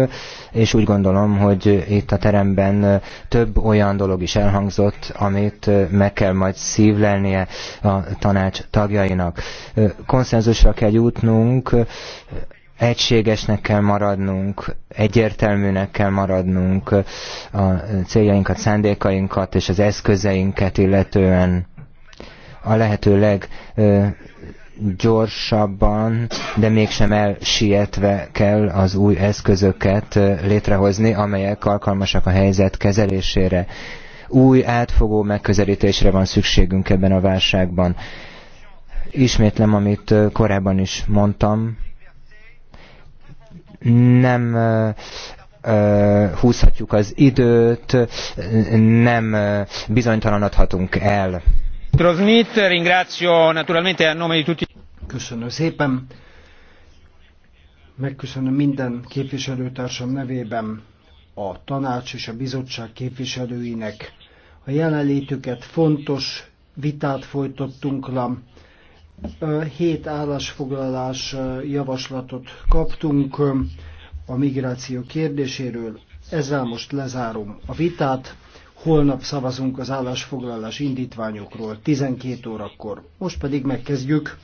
és úgy gondolom, hogy itt a teremben több olyan dolog is elhangzott, amit meg kell majd szívlelnie a tanács tagjainak. Konszenzusra kell jutnunk, egységesnek kell maradnunk, egyértelműnek kell maradnunk a céljainkat, szándékainkat és az eszközeinket illetően a lehető leg gyorsabban, de mégsem elsietve kell az új eszközöket létrehozni, amelyek alkalmasak a helyzet kezelésére. Új átfogó megközelítésre van szükségünk ebben a válságban. Ismétlem, amit korábban is mondtam, nem húzhatjuk az időt, nem bizonytalanodhatunk el. Köszönöm szépen. Megköszönöm minden képviselőtársam nevében a tanács és a bizottság képviselőinek a jelenlétüket. Fontos vitát folytattunk le. Hét állásfoglalás javaslatot kaptunk a migráció kérdéséről. Ezzel most lezárom a vitát. Holnap szavazunk az állásfoglalás indítványokról 12 órakor. Most pedig megkezdjük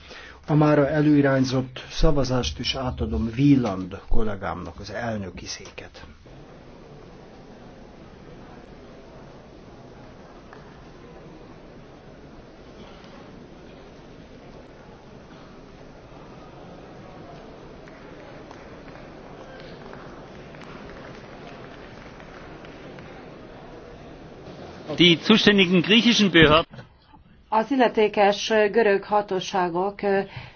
a mára előirányzott szavazást, és átadom Wieland kollégámnak az elnöki széket. az illetékes görög hatóságok